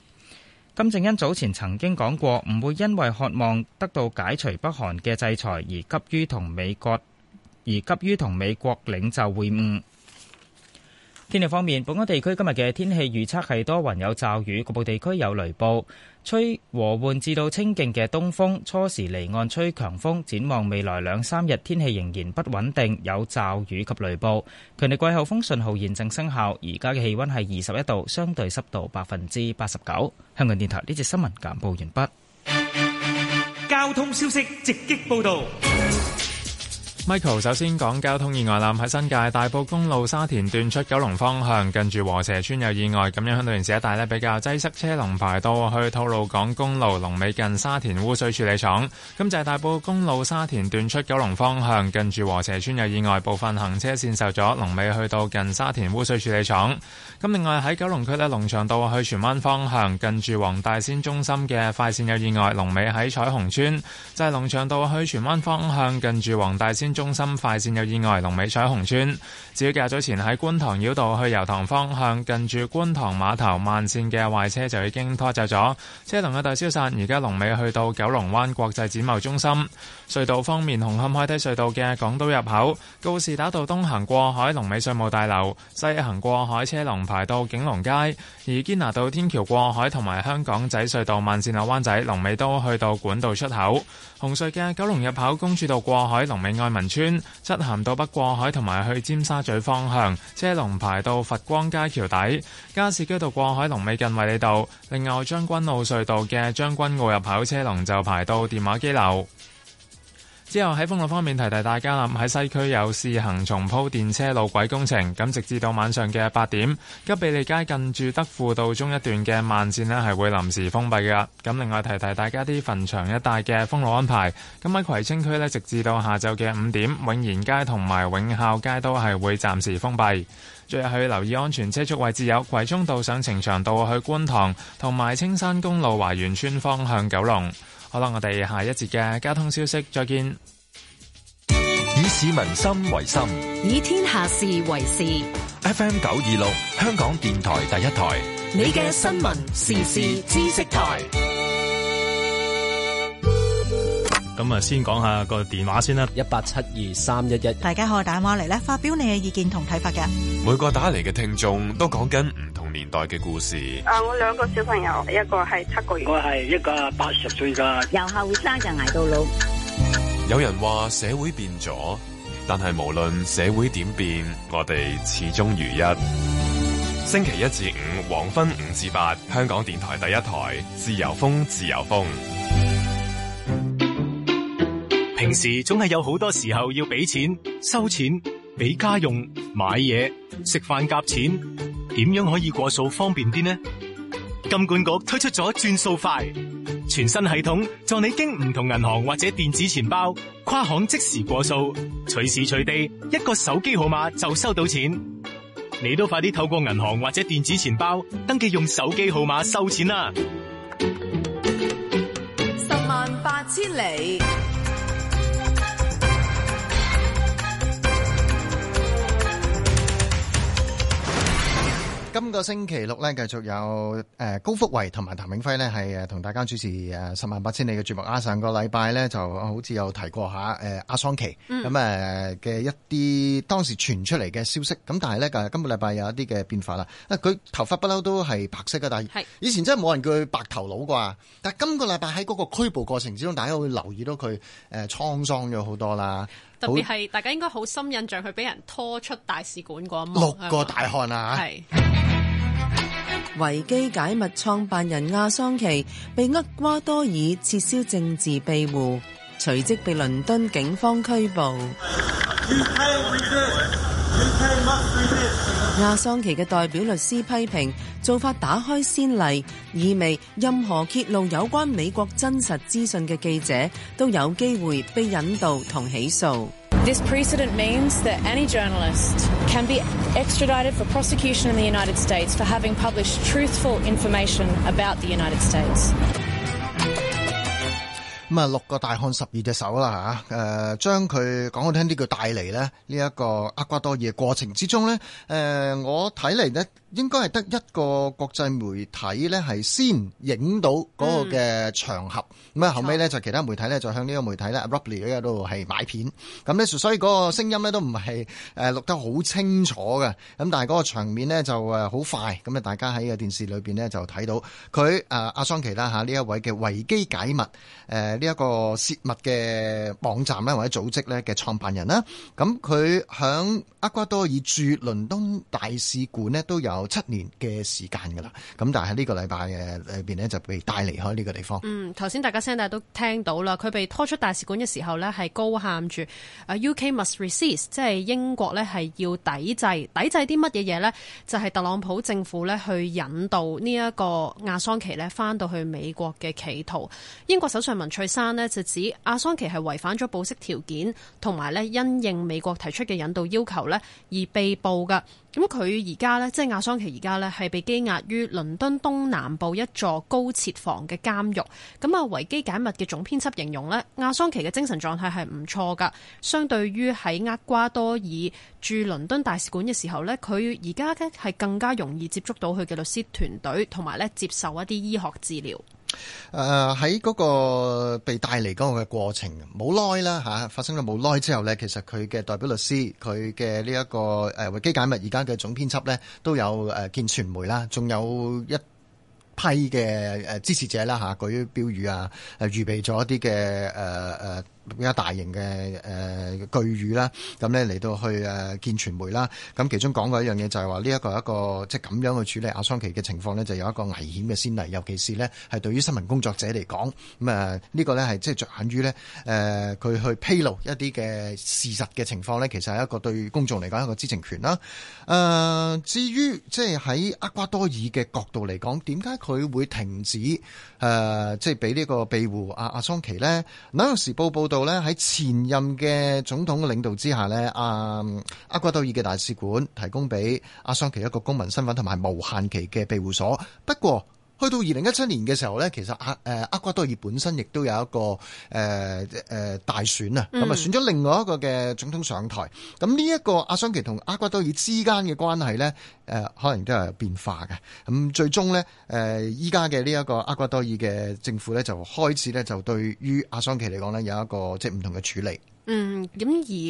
金正恩早前曾經講過，唔會因為渴望得到解除北韓嘅制裁而急於同美國，而急於同美國領袖會晤。天氣方面，本港地區今日嘅天氣預測係多雲有驟雨，局部地區有雷暴，吹和緩至到清勁嘅東風，初時離岸吹強風。展望未來兩三日天氣仍然不穩定，有驟雨及雷暴。強烈季候風信號現正生效，而家嘅氣溫係 Michael 首先講交通意外，諗喺新界大埔公路沙田段出九龍方向，近住禾輋村有意外，咁樣響度連接帶呢，比較擠塞，車龍排到去吐露港公路龍尾近沙田污水處理廠。咁就係大埔公路沙田段出九龍方向，近住禾輋村有意外，部分行車線受阻，龍尾去到近沙田污水處理廠。咁另外喺九龍區呢，龍翔道去荃灣方向，近住黃大仙中心嘅快線有意外，龍尾喺彩虹村。就係龍翔道去荃灣方向，近住黃大仙中心快線有意外，龍尾彩虹村。至於較早前喺觀塘繞道去油塘方向，近住觀塘碼頭慢線嘅壞車，就已經拖走咗，車龍嘅大消散。而家龍尾去到九龍灣國際展貿中心。隧道方面，紅磡海底隧道嘅港島入口告士打道東行過海，龍尾稅務大樓；西行過海車龍排到景隆街。而堅拿道天橋過海同埋香港仔隧道慢線落灣仔龍尾都去到管道出口。紅隧嘅九龍入口公主道過海龍尾愛民村，漆咸道北過海同埋去尖沙咀方向車龍排到佛光街橋底。加士居道過海龍尾近衛理道。另外，將軍澳隧道嘅將軍澳入口車龍就排到電話機樓。之後喺封路方面提提大家啦，喺西區有試行重鋪電車路軌工程，咁直至到晚上嘅八點，吉庇利街近住德輔道中一段嘅慢線咧係會臨時封閉嘅。咁另外提提大家啲墳場一帶嘅封路安排，咁喺葵青區呢，直至到下晝嘅五點，永賢街同埋永孝街都係會暫時封閉。最後要留意安全車速位置有葵涌道上呈祥道去觀塘，同埋青山公路華園村方向九龍。好啦，我哋下一節嘅交通消息，再見。以市民心為心，以天下事為事。FM 九二六，香港電台第一台，你嘅新聞時事知識台。咁啊，先講下個電話先啦，一八七二三一一。大家可以打電話嚟咧，發表你嘅意見同睇法嘅。每個打嚟嘅聽眾都講緊唔同年代嘅故事。我兩個小朋友，一個係七個月，我係一個八十歲嘅。由後生人捱到老。有人話社會變咗，但係無論社會點變，我哋始終如一。星期一至五，黃昏五至八，香港電台第一台，自由風，自由風。平時總係有好多時候要俾錢、收錢、俾家用、買嘢、食飯夾錢，點樣可以過數方便啲呢？金管局推出咗轉數快全新系統，助你經唔同銀行或者電子錢包跨行即時過數，隨時隨地一個手機號碼就收到錢。你都快啲透過銀行或者電子錢包登記用手機號碼收錢啦，啊！十萬八千里。今個星期六咧，繼續有誒高福慧同埋譚永輝咧，係誒同大家主持誒十萬八千里嘅節目啊。上個禮拜咧，就好似有提過一下誒阿、啊、桑奇咁誒嘅一啲當時傳出嚟嘅消息，咁但係咧，就係今個禮拜有一啲嘅變化啦。啊，佢頭髮不嬲都係白色噶，但係以前真係冇人叫佢白頭佬啩。但係今個禮拜喺嗰個拘捕過程之中，大家會留意到佢誒滄桑咗好多啦。特別係大家應該好深印象，佢俾人拖出大使館嗰一幕，六個大漢啊！係維基解密創辦人亞桑奇被厄瓜多爾撤銷政治庇護，隨即被倫敦警方拘捕。阿桑奇嘅代表律師批評做法打開先例，意味任何揭露有關美國真實資訊嘅記者都有機會被引渡同起訴。This precedent means that any journalist can be extradited for prosecution in the United States for having published truthful information about the United States. 咁啊，六個大漢十二隻手啦嚇，誒、呃、將佢講好聽啲叫帶嚟咧呢一個厄瓜多爾嘅過程之中咧，誒、呃、我睇嚟咧。應該係得一個國際媒體咧，係先影到嗰個嘅場合。咁、嗯、啊，後尾咧就其他媒體咧，就向呢個媒體咧，rubbery 喺度係買片。咁咧，所以嗰個聲音咧都唔係誒錄得好清楚嘅。咁但係嗰個場面咧就誒好快。咁啊，大家喺個電視裏邊咧就睇到佢誒阿桑奇啦嚇，呢一位嘅維基解密誒呢一個泄密嘅網站咧或者組織咧嘅創辦人啦。咁佢響厄瓜多爾駐倫敦大使館呢，都有。有七年嘅時間噶啦，咁但係呢個禮拜嘅裏邊呢，就被帶離開呢個地方。嗯，頭先大家聲帶都聽到啦，佢被拖出大使館嘅時候呢，係高喊住 UK must resist，即係英國呢係要抵制抵制啲乜嘢嘢呢？就係、是、特朗普政府呢去引渡呢一個阿桑奇呢返到去美國嘅企圖。英國首相文翠珊呢就指阿桑奇係違反咗保釋條件，同埋呢因應美國提出嘅引渡要求呢而被捕噶。咁佢而家咧，即係阿桑奇而家咧，係被羈押於倫敦東南部一座高設防嘅監獄。咁啊，維基解密嘅總編輯形容咧，阿桑奇嘅精神狀態係唔錯噶。相對於喺厄瓜多爾駐倫敦大使館嘅時候咧，佢而家咧係更加容易接觸到佢嘅律師團隊，同埋咧接受一啲醫學治療。誒、呃，喺嗰個被帶嚟嗰個嘅過程，冇耐啦吓，發生咗冇耐之後咧，其實佢嘅代表律師，佢嘅呢一個誒維基解密而家嘅總編輯咧，都有誒見傳媒啦，仲有一批嘅誒支持者啦吓，啲標語啊，誒預備咗一啲嘅誒誒。呃比較大型嘅誒句語啦，咁咧嚟到去誒見傳媒啦，咁其中講過一樣嘢就係話呢一個一個即係咁樣去處理阿桑奇嘅情況呢，就有一個危險嘅先例，尤其是呢係對於新聞工作者嚟講，咁誒呢個呢係即係著眼於呢誒佢去披露一啲嘅事實嘅情況呢，其實係一個對公眾嚟講一個知情權啦。誒、呃，至於即係喺厄瓜多爾嘅角度嚟講，點解佢會停止誒、呃、即係俾呢個庇護阿阿桑奇呢？紐約時報報道。喺前任嘅總統領導之下咧、啊，阿厄瓜多爾嘅大使館提供俾阿桑奇一個公民身份同埋無限期嘅庇護所。不過。去到二零一七年嘅時候咧，其實阿誒厄瓜多爾本身亦都有一個誒誒、呃呃、大選啊，咁、嗯、啊選咗另外一個嘅總統上台，咁呢一個阿桑奇同厄瓜多爾之間嘅關係咧，誒、呃、可能都係變化嘅，咁最終咧誒依家嘅呢一、呃、個厄瓜多爾嘅政府咧，就開始咧就對於阿桑奇嚟講咧有一個即係唔同嘅處理。嗯，咁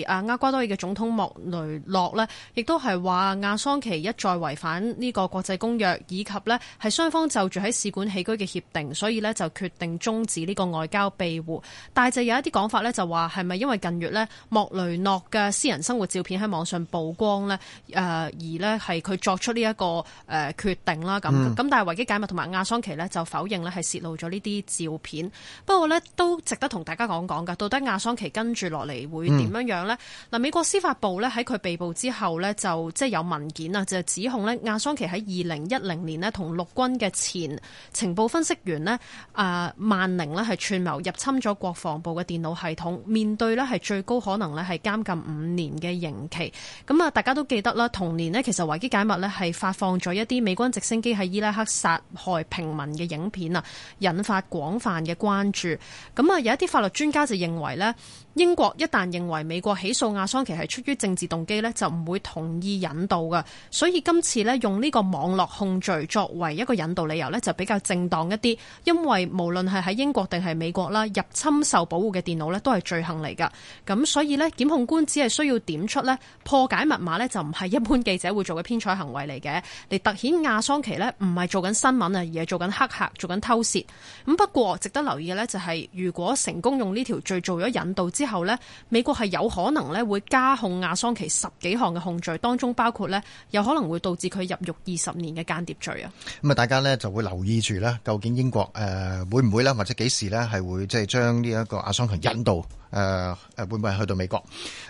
而啊厄瓜多爾嘅總統莫雷諾咧，亦都係話亞桑奇一再違反呢個國際公約，以及咧係雙方就住喺使館起居嘅協定，所以咧就決定終止呢個外交庇護，但係就有一啲講法咧，就話係咪因為近月咧莫雷諾嘅私人生活照片喺網上曝光咧，誒、呃、而咧係佢作出呢、這、一個誒、呃、決定啦咁。咁、嗯、但係維基解密同埋亞桑奇咧就否認咧係泄露咗呢啲照片。不過咧都值得同大家講講㗎，到底亞桑奇跟住落。嚟會點樣樣呢？嗱、嗯，美國司法部咧喺佢被捕之後咧，就即係有文件啊，就指控咧亞桑奇喺二零一零年咧同陸軍嘅前情報分析員咧啊曼寧咧係串謀入侵咗國防部嘅電腦系統，面對咧係最高可能咧係監禁五年嘅刑期。咁啊，大家都記得啦，同年咧其實維基解密咧係發放咗一啲美軍直升機喺伊拉克殺害平民嘅影片啊，引發廣泛嘅關注。咁啊，有一啲法律專家就認為咧英國。一旦認為美國起訴亞桑奇係出於政治動機呢，就唔會同意引渡嘅。所以今次呢，用呢個網絡控罪作為一個引渡理由呢就比較正當一啲。因為無論係喺英國定係美國啦，入侵受保護嘅電腦呢都係罪行嚟噶。咁所以呢，檢控官只係需要點出呢，破解密碼呢，就唔係一般記者會做嘅編採行為嚟嘅，嚟凸顯亞桑奇呢唔係做緊新聞啊，而係做緊黑客做緊偷竊。咁不過值得留意嘅呢、就是，就係如果成功用呢條罪做咗引渡之後呢。美國係有可能咧，會加控亞桑奇十幾項嘅控罪，當中包括咧，有可能會導致佢入獄二十年嘅間諜罪啊！咁啊，大家咧就會留意住啦，究竟英國誒會唔會啦，或者幾時咧係會即係將呢一個亞桑奇引渡？誒、呃、會唔會去到美國？誒、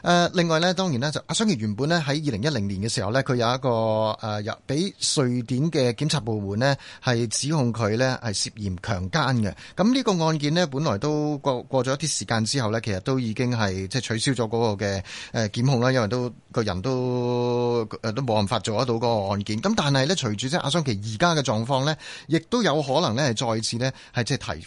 呃、另外呢，當然呢就阿桑奇原本呢喺二零一零年嘅時候呢，佢有一個誒入俾瑞典嘅檢察部門呢係指控佢呢係涉嫌強姦嘅。咁呢個案件呢，本來都過過咗一啲時間之後呢，其實都已經係即係取消咗嗰個嘅檢控啦，因為都個人都都冇辦法做得到嗰個案件。咁但係呢，隨住即係阿桑奇而家嘅狀況呢，亦都有可能呢係再次呢係即係提。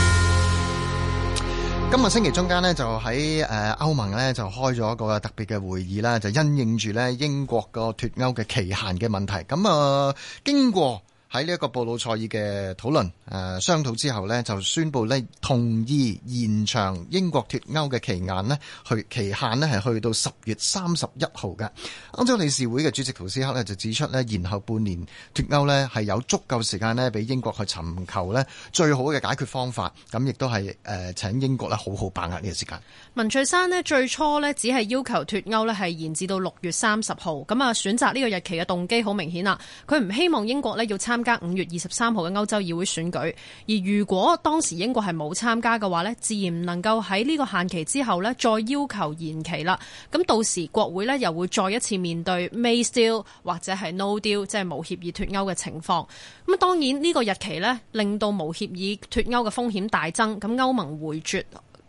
今日星期中間呢，就喺呃歐盟呢，就開咗一個特別嘅會議啦，就因應住呢英國個脱歐嘅期限嘅問題。咁啊、呃，經過，喺呢一個布魯塞爾嘅討論、呃，商討之後呢，就宣布呢，同意延長英國脱歐嘅期限呢去期限呢係去到十月三十一號嘅。歐洲理事會嘅主席圖斯克呢，就指出呢，延後半年脱歐呢係有足夠時間呢俾英國去尋求呢最好嘅解決方法，咁亦都係誒請英國咧好好把握呢個時間。文翠山咧，最初咧只係要求脫歐咧，係延至到六月三十號咁啊。選擇呢個日期嘅動機好明顯啦，佢唔希望英國咧要參加五月二十三號嘅歐洲議會選舉。而如果當時英國係冇參加嘅話咧，自然唔能夠喺呢個限期之後咧再要求延期啦。咁到時國會咧又會再一次面對 May deal 或者係 no deal，即係無協議脫歐嘅情況。咁當然呢個日期咧令到無協議脫歐嘅風險大增，咁歐盟回絕。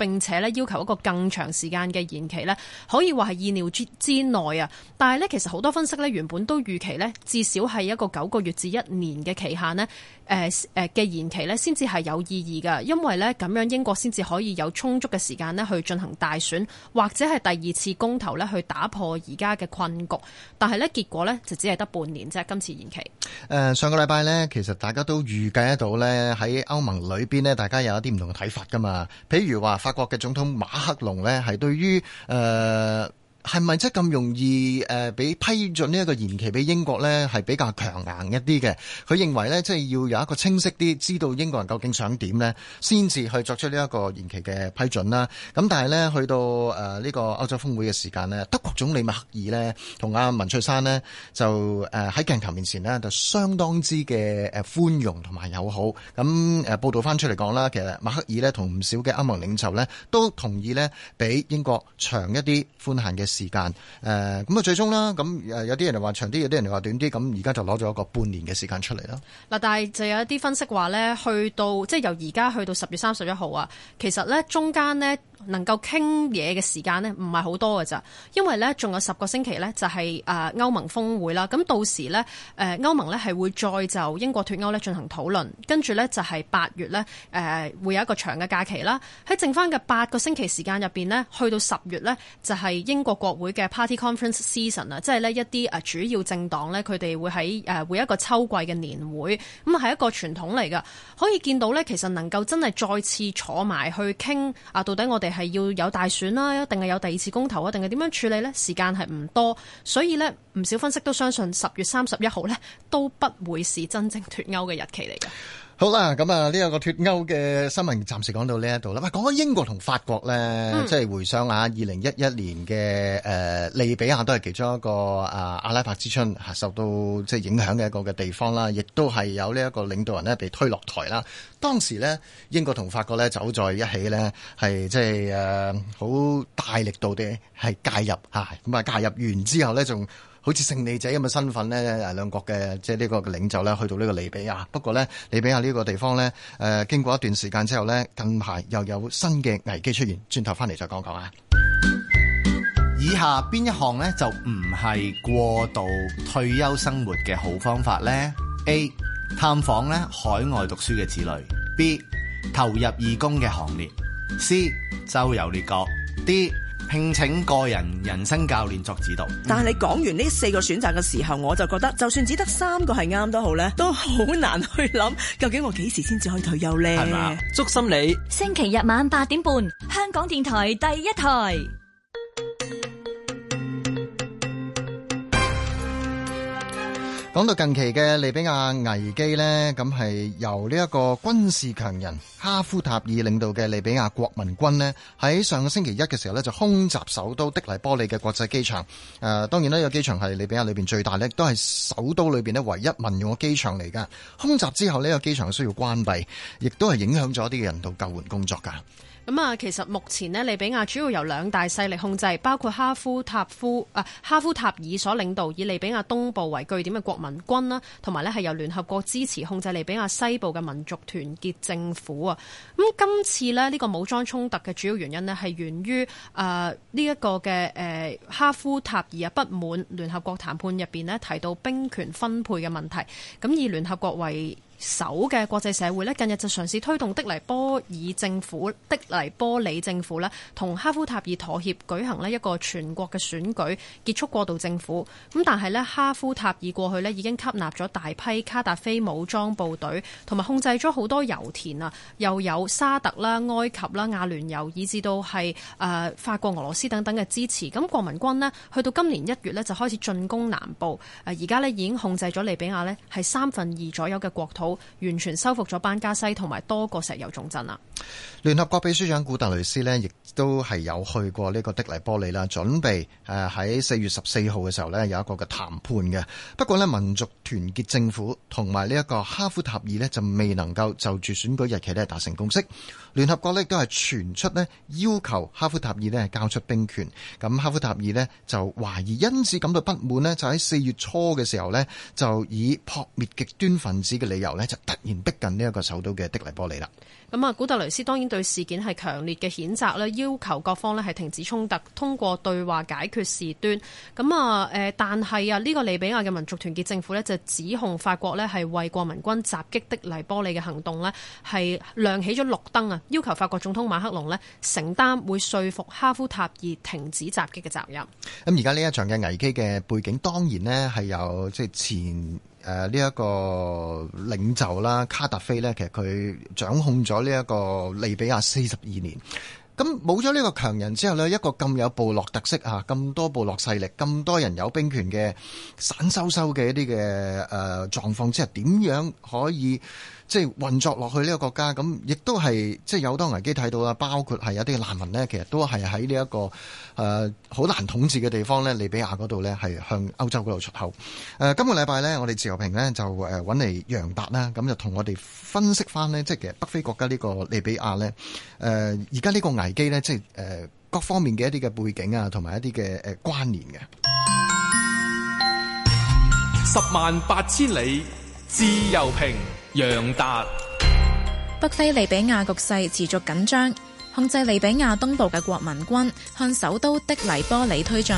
並且咧要求一個更長時間嘅延期呢，可以話係意料之內啊！但係呢，其實好多分析呢原本都預期呢至少係一個九個月至一年嘅期限呢。誒誒嘅延期呢，先至係有意義㗎，因為呢咁樣英國先至可以有充足嘅時間呢去進行大選，或者係第二次公投呢去打破而家嘅困局。但係呢結果呢，就只係得半年啫。今次延期，誒、呃、上個禮拜呢，其實大家都預計得到呢，喺歐盟裏邊呢，大家有一啲唔同嘅睇法噶嘛。譬如話法國嘅總統馬克龍呢，係對於誒。呃係咪真係咁容易誒俾批准呢一個延期俾英國咧？係比較強硬一啲嘅。佢認為咧，即係要有一個清晰啲，知道英國人究竟想點咧，先至去作出呢一個延期嘅批准啦。咁但係咧，去到誒呢個歐洲峰會嘅時間咧，德國總理默克爾咧同阿文翠珊咧就誒喺鏡頭面前咧就相當之嘅誒寬容同埋友好。咁誒報道翻出嚟講啦，其實默克爾咧同唔少嘅歐盟領袖咧都同意咧俾英國長一啲寬限嘅。時間誒咁啊，最終啦，咁誒有啲人就話長啲，有啲人話短啲，咁而家就攞咗一個半年嘅時間出嚟啦。嗱，但係就有一啲分析話呢，去到即係由而家去到十月三十一號啊，其實呢中間呢能夠傾嘢嘅時間呢唔係好多嘅咋，因為呢仲有十個星期呢就係誒歐盟峰會啦。咁到時呢，誒歐盟呢係會再就英國脱歐呢進行討論，跟住呢就係八月呢誒會有一個長嘅假期啦。喺剩返嘅八個星期時間入邊呢，去到十月呢就係英國，國。國會嘅 Party Conference Season 啊，即係呢一啲啊主要政黨咧，佢哋會喺誒會一個秋季嘅年會，咁係一個傳統嚟噶。可以見到呢，其實能夠真係再次坐埋去傾啊，到底我哋係要有大選啦，定係有第二次公投啊，定係點樣處理呢？時間係唔多，所以呢，唔少分析都相信十月三十一號呢，都不會是真正脱歐嘅日期嚟嘅。好啦，咁啊，呢一個脫歐嘅新聞暫時講到呢一度啦。喂，講開英國同法國咧、嗯，即係回想下二零一一年嘅誒、呃、利比亞都係其中一個啊、呃、阿拉伯之春、啊、受到即係影響嘅一個嘅地方啦，亦、啊、都係有呢一個領導人呢被推落台啦、啊。當時呢，英國同法國咧走在一起呢，係即係誒好大力度地係介入吓，咁啊介入完之後呢，仲。好似勝利者咁嘅身份咧，兩國嘅即係呢個領袖咧，去到呢個利比亞。不過咧，利比亞呢個地方咧，誒經過一段時間之後咧，近排又有新嘅危機出現。轉頭翻嚟再講講啊。以下邊一項咧就唔係過度退休生活嘅好方法咧？A. 探訪咧海外讀書嘅子女；B. 投入義工嘅行列；C. 周遊列國；D. 聘請個人人生教練作指導，嗯、但係你講完呢四個選擇嘅時候，我就覺得就算只得三個係啱都好咧，都好難去諗究竟我幾時先至可以退休呢？係嘛？祝心理？星期日晚八點半，香港電台第一台。講到近期嘅利比亞危機呢，咁係由呢一個軍事強人哈夫塔爾領導嘅利比亞國民軍呢，喺上個星期一嘅時候呢，就空襲首都的黎波里嘅國際機場。誒、呃，當然呢個機場係利比亞裏邊最大呢，亦都係首都裏邊唯一民用嘅機場嚟噶。空襲之後，呢個機場需要關閉，亦都係影響咗啲嘅人道救援工作噶。咁啊，其實目前呢，利比亞主要由兩大勢力控制，包括哈夫塔夫啊，哈夫塔爾所領導以利比亞東部為據點嘅國民軍啦，同埋呢，係由聯合國支持控制利比亞西部嘅民族團結政府啊。咁今次呢，呢個武裝衝突嘅主要原因呢，係源於啊呢一個嘅誒哈夫塔爾啊不滿聯合國談判入邊呢提到兵權分配嘅問題，咁以聯合國為首嘅國際社會呢近日就嘗試推動的黎波爾政府、的黎波里政府呢同哈夫塔爾妥協，舉行呢一個全國嘅選舉，結束過渡政府。咁但係呢哈夫塔爾過去呢已經吸納咗大批卡達菲武裝部隊，同埋控制咗好多油田啊，又有沙特啦、埃及啦、阿聯酋，以至到係誒、呃、法國、俄羅斯等等嘅支持。咁國民軍呢去到今年一月呢，就開始進攻南部，誒而家呢已經控制咗利比亞呢係三分二左右嘅國土。完全收復咗班加西同埋多個石油重鎮啦、啊。聯合國秘書長古特雷斯咧，亦都係有去過呢個的黎波里啦，準備誒喺四月十四號嘅時候咧有一個嘅談判嘅。不過咧，民族團結政府同埋呢一個哈夫塔爾咧，就未能夠就住選舉日期咧達成共識。聯合國咧亦都係傳出咧要求哈夫塔爾咧交出兵權。咁哈夫塔爾咧就懷疑因此感到不滿咧，就喺四月初嘅時候咧就以撲滅極端分子嘅理由咧。就突然逼近呢一個首都嘅的黎波里啦。咁啊，古特雷斯當然對事件係強烈嘅譴責啦，要求各方咧係停止衝突，通過對話解決事端。咁啊，誒，但係啊，呢個利比亞嘅民族團結政府呢，就指控法國呢係為國民軍襲擊的黎波里嘅行動呢，係亮起咗綠燈啊，要求法國總統馬克龍呢承擔會說服哈夫塔爾停止襲擊嘅責任。咁而家呢一場嘅危機嘅背景，當然呢係有即係前。誒呢一個領袖啦，卡達菲咧，其實佢掌控咗呢一個利比亞四十二年，咁冇咗呢個強人之後呢，一個咁有部落特色啊，咁多部落勢力，咁多人有兵權嘅散修修嘅一啲嘅誒狀況之下，點樣可以？即係運作落去呢個國家，咁亦都係即係有好多危機睇到啦。包括係有啲難民咧，其實都係喺呢一個誒好、呃、難統治嘅地方咧，利比亞嗰度咧係向歐洲嗰度出口。誒、呃，今個禮拜咧，我哋自由評咧就誒搵嚟楊達啦，咁就同我哋分析翻咧，即係其實北非國家呢個利比亞咧，誒而家呢個危機咧，即係誒各方面嘅一啲嘅背景啊，同埋一啲嘅誒關聯嘅。十萬八千里。自由平，楊達，北非利比亞局勢持續緊張，控制利比亞東部嘅國民軍向首都的黎波里推進。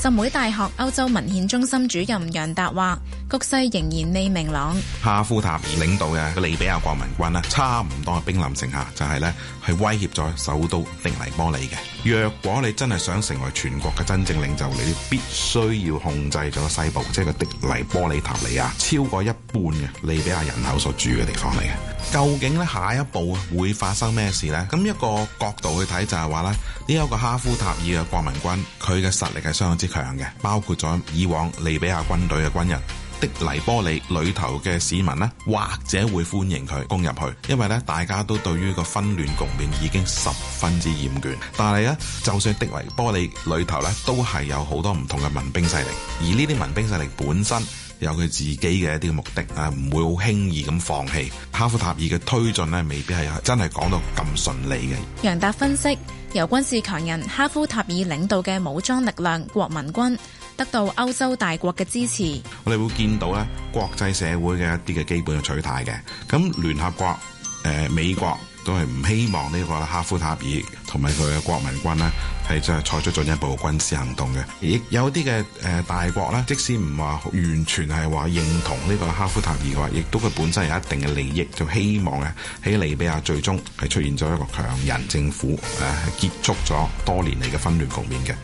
浸會大學歐洲文獻中心主任楊達話，局勢仍然未明朗。哈夫塔爾領導嘅利比亞國民軍差唔多係兵臨城下，就係呢。係威脅咗首都的黎波里嘅。若果你真係想成為全國嘅真正領袖，你必須要控制咗西部，即係個的黎波里塔尼亞超過一半嘅利比亞人口所住嘅地方嚟嘅。究竟呢，下一步會發生咩事呢？咁一個角度去睇就係話呢：呢有一個哈夫塔爾嘅國民軍，佢嘅實力係相當之強嘅，包括咗以往利比亞軍隊嘅軍人。玻璃的黎波里裏頭嘅市民呢，或者會歡迎佢攻入去，因為咧，大家都對於個紛亂局面已經十分之厭倦。但係咧，就算的黎波里裏頭咧，都係有好多唔同嘅民兵勢力，而呢啲民兵勢力本身。有佢自己嘅一啲嘅目的啊，唔會好輕易咁放棄。哈夫塔爾嘅推進咧，未必係真係講到咁順利嘅。楊達分析，由軍事強人哈夫塔爾領導嘅武裝力量國民軍得到歐洲大國嘅支持，我哋會見到咧國際社會嘅一啲嘅基本嘅取態嘅。咁聯合國、呃、美國都係唔希望呢個哈夫塔爾同埋佢嘅國民軍呢。係就係採取進一步軍事行動嘅，亦有啲嘅誒大國咧，即使唔話完全係話認同呢個哈夫塔爾嘅話，亦都佢本身有一定嘅利益，就希望咧喺利比亞最終係出現咗一個強人政府，誒、啊、結束咗多年嚟嘅紛亂局面嘅。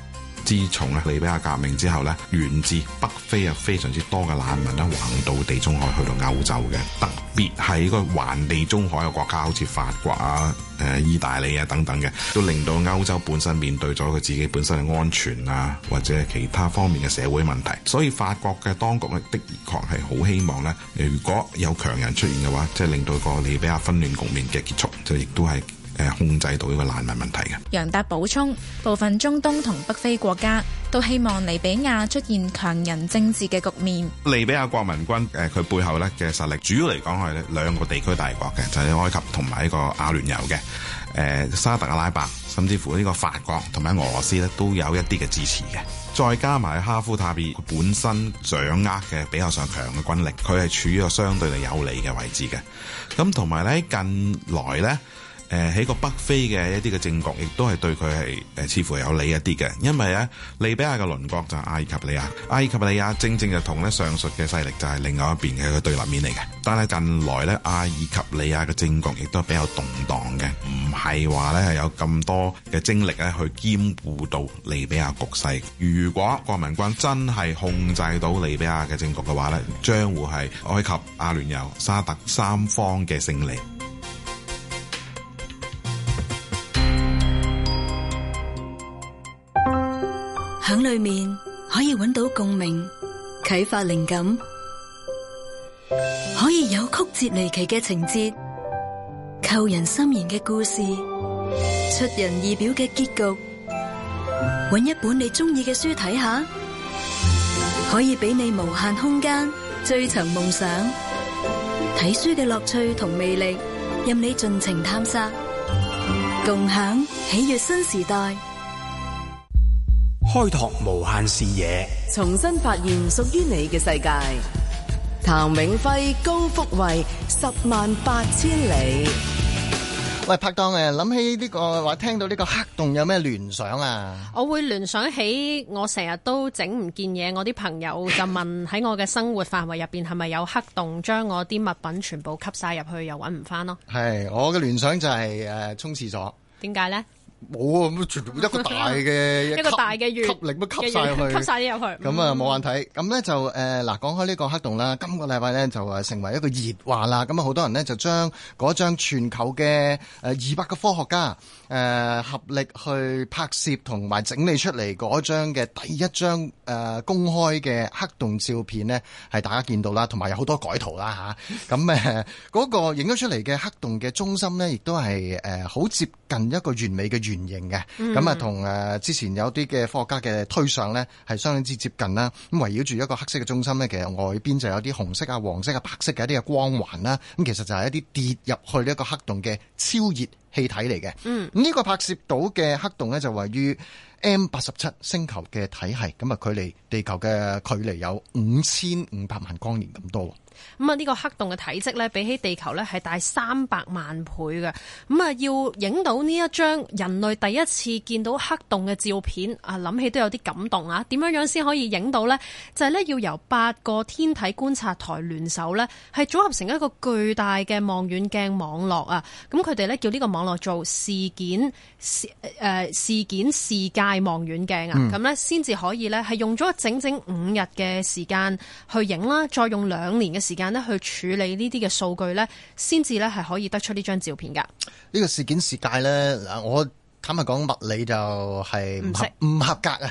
自從咧，利比亞革命之後咧，源自北非有非常之多嘅難民咧橫到地中海去到歐洲嘅，特別係個環地中海嘅國家，好似法國啊、誒意大利啊等等嘅，都令到歐洲本身面對咗佢自己本身嘅安全啊，或者其他方面嘅社會問題。所以法國嘅當局咧，的確係好希望咧，如果有強人出現嘅話，即係令到個利比亞紛亂局面嘅結束，就亦都係。誒，控制到呢個難民問題嘅。楊達補充：部分中東同北非國家都希望利比亞出現強人政治嘅局面。利比亞國民軍誒，佢背後咧嘅實力主要嚟講係兩個地區大國嘅，就係埃及同埋呢個阿聯酋嘅。誒，沙特阿拉伯，甚至乎呢個法國同埋俄羅斯呢都有一啲嘅支持嘅。再加埋哈夫塔爾本身掌握嘅比較上強嘅軍力，佢係處於一個相對嘅有利嘅位置嘅。咁同埋咧，近來咧。誒喺個北非嘅一啲嘅政局，亦都係對佢係似乎有利一啲嘅，因為咧利比亞嘅鄰國就係阿爾及利亞，阿爾及利亞正正就同咧上述嘅勢力就係另外一邊嘅對立面嚟嘅。但係近來咧，阿爾及利亞嘅政局亦都比較動盪嘅，唔係話咧係有咁多嘅精力咧去兼顧到利比亞局勢。如果國民軍真係控制到利比亞嘅政局嘅話咧，將會係埃及、阿聯酋、沙特三方嘅勝利。響裡面可以搵到共鳴、啟發靈感，可以有曲折離奇嘅情節、扣人心弦嘅故事、出人意表嘅結局。搵一本你中意嘅書睇下，可以俾你無限空間追尋夢想。睇書嘅樂趣同魅力，任你盡情探索，共享喜悅新時代。開拓無限視野，重新發現屬於你嘅世界。譚永輝、高福慧，十萬八千里。喂，拍檔誒，諗起呢、這個話，聽到呢個黑洞有咩聯想啊？我會聯想起我成日都整唔見嘢，我啲朋友就問喺我嘅生活範圍入邊係咪有黑洞將我啲物品全部吸晒入去又找不回，又搵唔翻？咯？係，我嘅聯想就係、是、誒，沖廁所。點解咧？冇啊！咁全部一個大嘅一個大嘅圓吸力都吸晒去，吸晒啲入去。咁啊冇眼睇。咁咧就誒嗱、呃，講開呢個黑洞啦，今個禮拜咧就誒成為一個熱話啦。咁啊，好多人咧就將嗰張全球嘅誒二百個科學家誒、呃、合力去拍攝同埋整理出嚟嗰張嘅第一張誒、呃、公開嘅黑洞照片咧，係大家見到啦，同埋有好多改圖啦吓。咁誒嗰個影咗出嚟嘅黑洞嘅中心咧，亦都係誒好接近一個完美嘅圓圓形嘅咁啊，同誒之前有啲嘅科學家嘅推想呢，係相當之接近啦。咁圍繞住一個黑色嘅中心呢，其實外邊就有啲紅色啊、黃色啊、白色嘅一啲嘅光環啦。咁其實就係一啲跌入去呢一個黑洞嘅超熱氣體嚟嘅。嗯，咁呢個拍攝到嘅黑洞呢，就位於 M 八十七星球嘅體系，咁啊，距離地球嘅距離有五千五百萬光年咁多。咁啊，呢個黑洞嘅體積咧，比起地球咧係大三百萬倍嘅。咁啊，要影到呢一張人類第一次見到黑洞嘅照片啊，諗起都有啲感動啊！點樣樣先可以影到咧？就係咧，要由八個天體觀察台聯手咧，係組合成一個巨大嘅望遠鏡網絡啊！咁佢哋咧叫呢個網絡做事件事誒、呃、事件視界望遠鏡啊！咁咧先至可以咧係用咗整整五日嘅時間去影啦，再用兩年嘅，時間咧去處理呢啲嘅數據呢，先至呢係可以得出呢張照片噶。呢個事件事件呢，嗱，我坦白講物理就係唔合，唔合格嘅，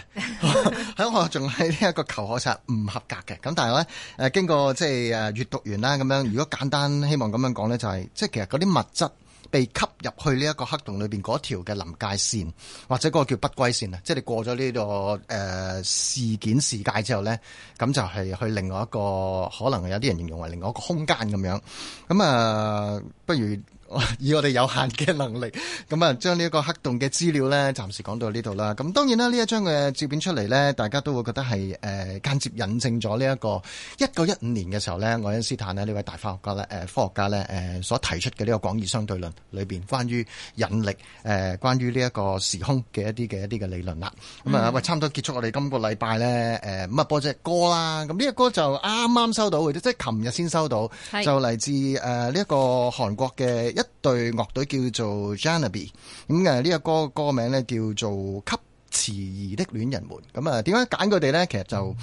喺 我仲係呢一個求學期唔合格嘅。咁但係呢，誒經過即係誒閱讀完啦，咁樣如果簡單希望咁樣講呢，就係即係其實嗰啲物質。被吸入去呢一個黑洞裏邊嗰條嘅臨界線，或者嗰個叫不歸線啊，即係你過咗呢、這個誒、呃、事件視界之後咧，咁就係去另外一個可能有啲人形容為另外一個空間咁樣，咁啊、呃，不如。 以我哋有限嘅能力，咁啊，將呢一個黑洞嘅資料咧，暫時講到呢度啦。咁當然啦，呢一張嘅照片出嚟咧，大家都會覺得係誒間接引證咗呢一個一九一五年嘅時候咧，愛因斯坦呢，呢位大科學家咧誒科學家咧誒所提出嘅呢個廣義相對論裏邊關於引力誒關於呢一個時空嘅一啲嘅一啲嘅理論啦。咁啊，喂，差唔多結束我哋今個禮拜咧誒啊，播隻歌啦。咁呢個歌就啱啱收到嘅啫，即係琴日先收到，收到就嚟自誒呢一個韓國嘅。一隊樂隊叫做 Janabi，咁啊呢個歌歌名咧叫做《給遲疑的戀人們》。咁啊點解揀佢哋咧？其實就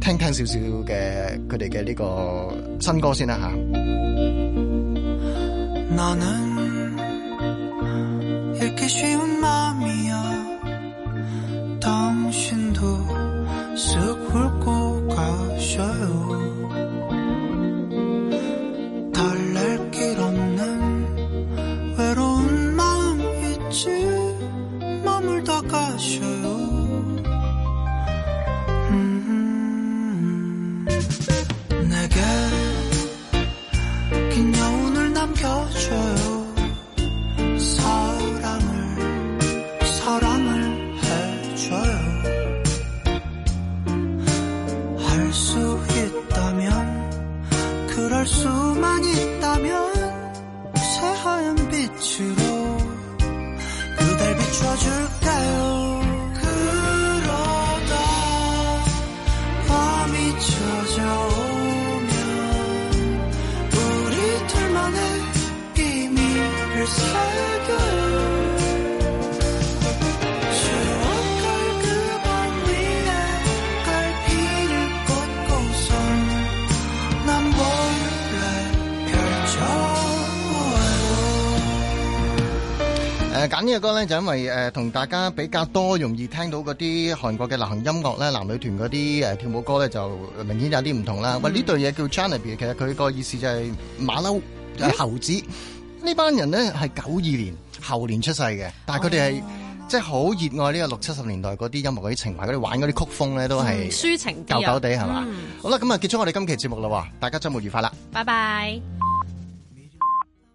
聽聽少少嘅佢哋嘅呢個新歌先啦嚇。歌咧就因為誒、呃、同大家比較多容易聽到嗰啲韓國嘅流行音樂咧男女團嗰啲誒跳舞歌咧就明顯有啲唔同啦。喂、嗯、呢對嘢叫 Johnny B 其實佢個意思就係馬騮猴子。呢、嗯啊、班人咧係九二年猴年出世嘅，但係佢哋係即係好熱愛呢個六七十年代嗰啲音樂嗰啲情懷，嗰啲玩嗰啲曲風咧都係、嗯、抒情、啊、舊舊地係嘛。好啦，咁、嗯、啊結束我哋今期節目啦，大家周末愉快啦，拜拜。